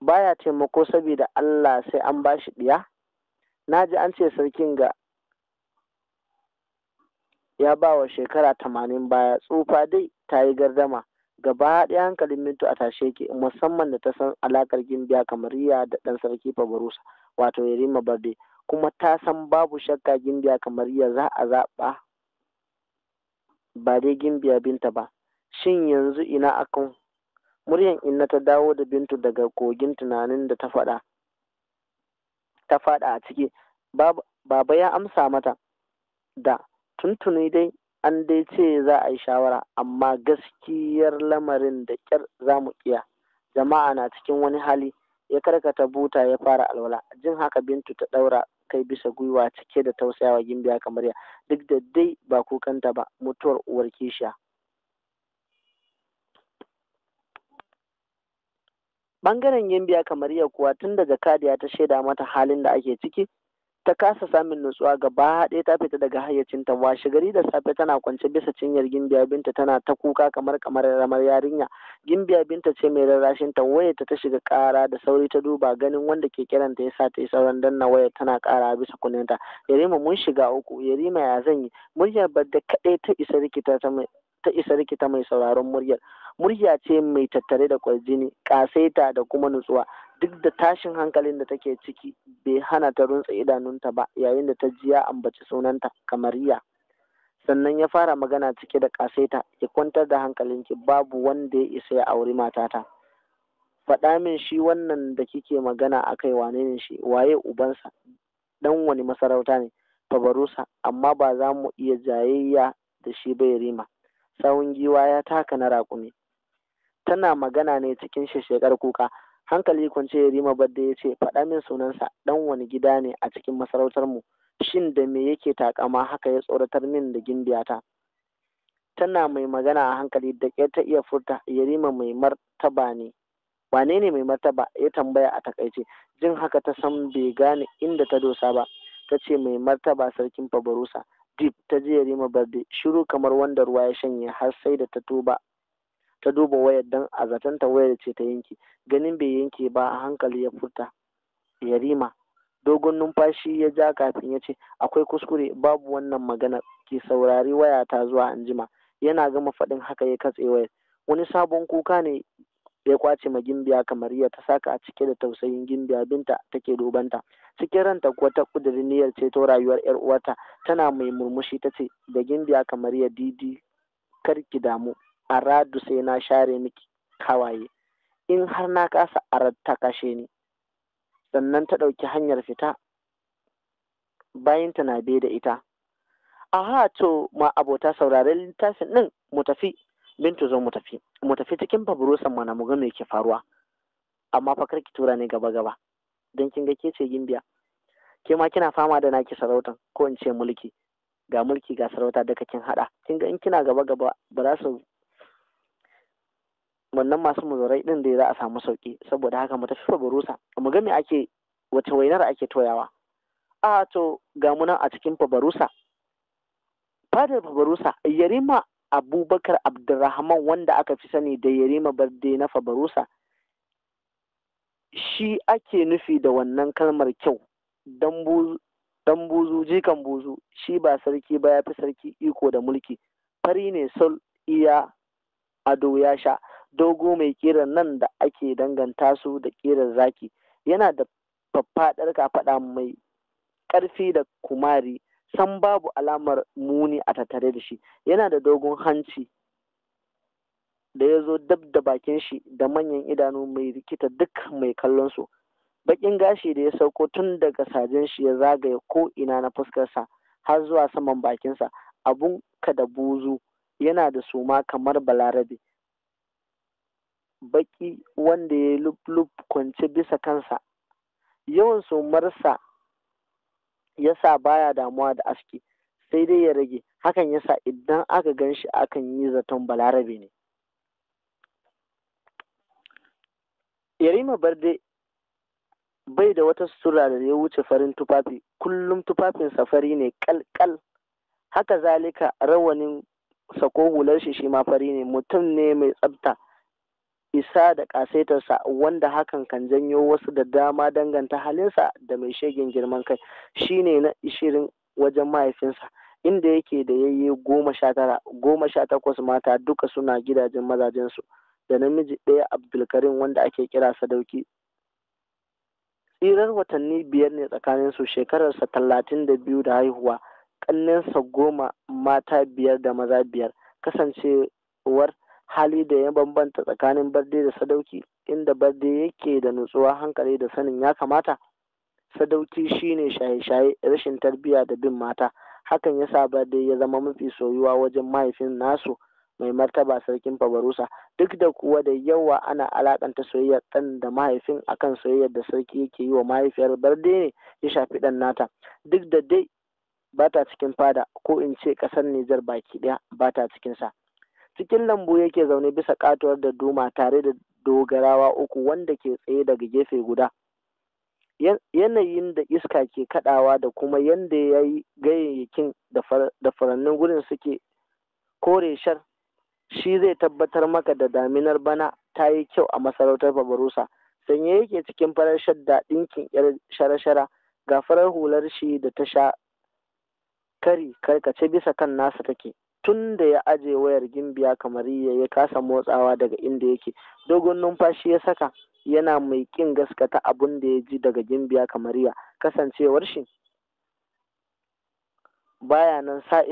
baya taimako saboda Allah sai an ba shi ɗiya na ji an ce sarkin ga ya ba wa shekara tamanin baya tsufa dai ta yi gardama gaba ɗaya hankalin mintu a tashe ke musamman da ta san alakar gimbiya kamar da ɗan sarki fabarusa wato yarima barde kuma ta san babu shakka gimbiya ya za a zaɓa ba dai gimbiya binta ba shin yanzu ina akan muryan inna ta dawo da bintu daga kogin tunanin da ta faɗa a ciki baba ya amsa mata da tuntuni dai an dai ce za a yi shawara amma gaskiyar lamarin da ƙyar za mu iya jama'a na cikin wani hali ya karkata buta ya fara alwala jin haka bintu ta daura kai bisa gwiwa cike da tausayawa gimbiya kamar ya duk da dai ba kukanta ba mutuwar uwar kishiya bangaren gimbiya kamar ya kuwa tun da jakadiya ta shaida mata halin da ake ciki ta kasa samun nutsuwa gaba ɗaya ta fita daga hayyacinta washe gari da safe tana kwance bisa cinyar gimbiya binta tana ta kuka kamar kamar ramar yarinya gimbiya binta ce mai rarrashin ta waya ta ta shiga kara da sauri ta duba ganin wanda ke kiranta ya sa ta yi sauran danna waya tana kara bisa ta, yarima mun shiga uku yarima ya zanyi yi muryar badda kaɗai ta isa rikita ta mai ta isa rikita mai sauraron muryar murya ce mai tattare da kwarjini kasaita da kuma nutsuwa duk da tashin hankalin da take ciki bai hana ta runtse idanunta ba yayin da ta ji ya ambaci sunanta kamar kamariya sannan ya fara magana cike da kaseta ya kwantar da hankalin ki, babu wanda ya isa ya auri matata faɗa min shi wannan da kike magana a kai wane ne shi waye ubansa dan wani masarauta ne fabarusa amma ba za mu iya jayayya da shi bai rima sawun giwa ya taka na raƙumi tana magana ne cikin shekar kuka hankali kwance Rima Badde ya ce faɗa min sunansa ɗan wani gida ne a cikin masarautar mu shin da me yake takama haka ya tsoratar min da gimbiyata tana mai magana a hankali da ta iya furta Yarima mai martaba ne wane ne mai martaba ya tambaya a takaice jin haka ta san bai gane inda ta dosa ba ta ce mai martaba sarkin fabarusa dip ta ji Yarima barde shiru kamar wanda ruwa ya shanye har sai da ta tuba ta duba wayar dan a zaton ta wayar ce ta yanke ganin bai yanke ba a hankali ya furta yarima dogon numfashi ya ja kafin ya ce akwai kuskure babu wannan magana ki saurari waya ta zuwa anjima yana gama faɗin haka ya katse wayar wani sabon kuka ne ya kwace ma gimbiya kamar ya ta saka a cike da tausayin gimbiya binta take dubanta cikin ranta kuwa ta kudirin niyyar ceto rayuwar yar uwarta tana mai murmushi ta ce da gimbiya kamar ya didi kar damu aradu sai na share miki kawaye in har na kasa arad ta kashe ni sannan ta ɗauki hanyar fita bayanta na bai da ita a to ma abota sauraren littafin ɗin mu tafi bintu zo mu tafi mu tafi cikin fabrosan mana mu ga me ke faruwa amma fa ki tura ni gaba gaba don kin ga ke ce gimbiya ke ma kina fama da naki sarautan ko in ce mulki ga mulki ga sarauta duka kin hada kin ga in kina gaba gaba ba za su wannan masu muzurai din dai za a samu sauki saboda haka mu tafi fabarusa mu ga me ake wace wainar ake toyawa a to ga mu nan a cikin fabarusa fadar fabarusa yarima abubakar abdurrahman wanda aka fi sani da yarima barde na fabarusa shi ake nufi da wannan kalmar kyau dan buzu jikan buzu shi ba sarki ba ya fi sarki iko da mulki fari ne sol iya ado ya sha dogo mai ƙera nan da ake danganta su da ƙirar zaki yana da faffaɗar kafaɗa mai ƙarfi da kumari san babu alamar muni a tattare da shi yana da dogon hanci da ya zo dab da bakin shi da manyan idanu mai rikita duk mai kallon su bakin gashi da ya sauko tun daga sajen shi ya zagaye ko ina na fuskarsa har zuwa saman bakinsa abun ka da buzu yana da suma kamar balarabe baki wanda ya lub kwance bisa kansa yawan somarsa ya sa baya damuwa da aski sai dai ya rage hakan ya sa idan aka gan shi akan yi zaton balarabe ne yarima barde bai da wata sura da ya wuce farin tufafi kullum tufafin safari ne kalkal haka zalika rawanin sako hular shi shi ma fari ne mutum ne mai tsabta isa da ƙasaitarsa wanda hakan kan janyo wasu da dama danganta halinsa da mai shegin girman kai shine na ishirin wajen mahaifinsa inda yake da yayye goma sha tara goma sha takwas mata duka suna gidajen mazajensu da namiji ɗaya abdulkarim wanda ake kira sadauki tsirar watanni biyar ne tsakaninsu shekararsa talatin da biyu da haihuwa ƙannensa goma mata biyar da maza biyar kasancewar hali da ya bambanta tsakanin barde da sadauki inda barde yake da nutsuwa hankali da sanin ya kamata sadauki shine shaye-shaye rashin tarbiyya da bin mata hakan yasa barde ya zama mafi soyuwa wajen mahaifin nasu mai martaba sarkin fabarusa duk da kuwa da yawa ana alakanta soyayyar ɗan da mahaifin akan soyayyar da sarki yake yi wa mahaifiyar barde ne ya shafi ɗan nata duk da dai ba ta cikin fada ko in ce ƙasar Nijar baki ɗaya ba ta cikinsa cikin lambu yake zaune bisa katuwar da duma tare da dogarawa uku wanda ke tsaye daga gefe guda yanayin da iska ke kadawa da kuma yadda ya yi gayyakin da furannin gurin suke kore shar shi zai tabbatar maka da daminar bana ta yi kyau a masarautar babarusa sanye yake cikin farar shadda ɗinkin yar shara-shara ga farar hular shi da ta sha kari karkace bisa kan nasa take tun da ya aje wayar gimbiya kamar ya kasa motsawa daga inda yake dogon numfashi ya saka yana mai kin gaskata abun da ya ji daga gimbiya kamar ya kasancewar shi baya nan sa'in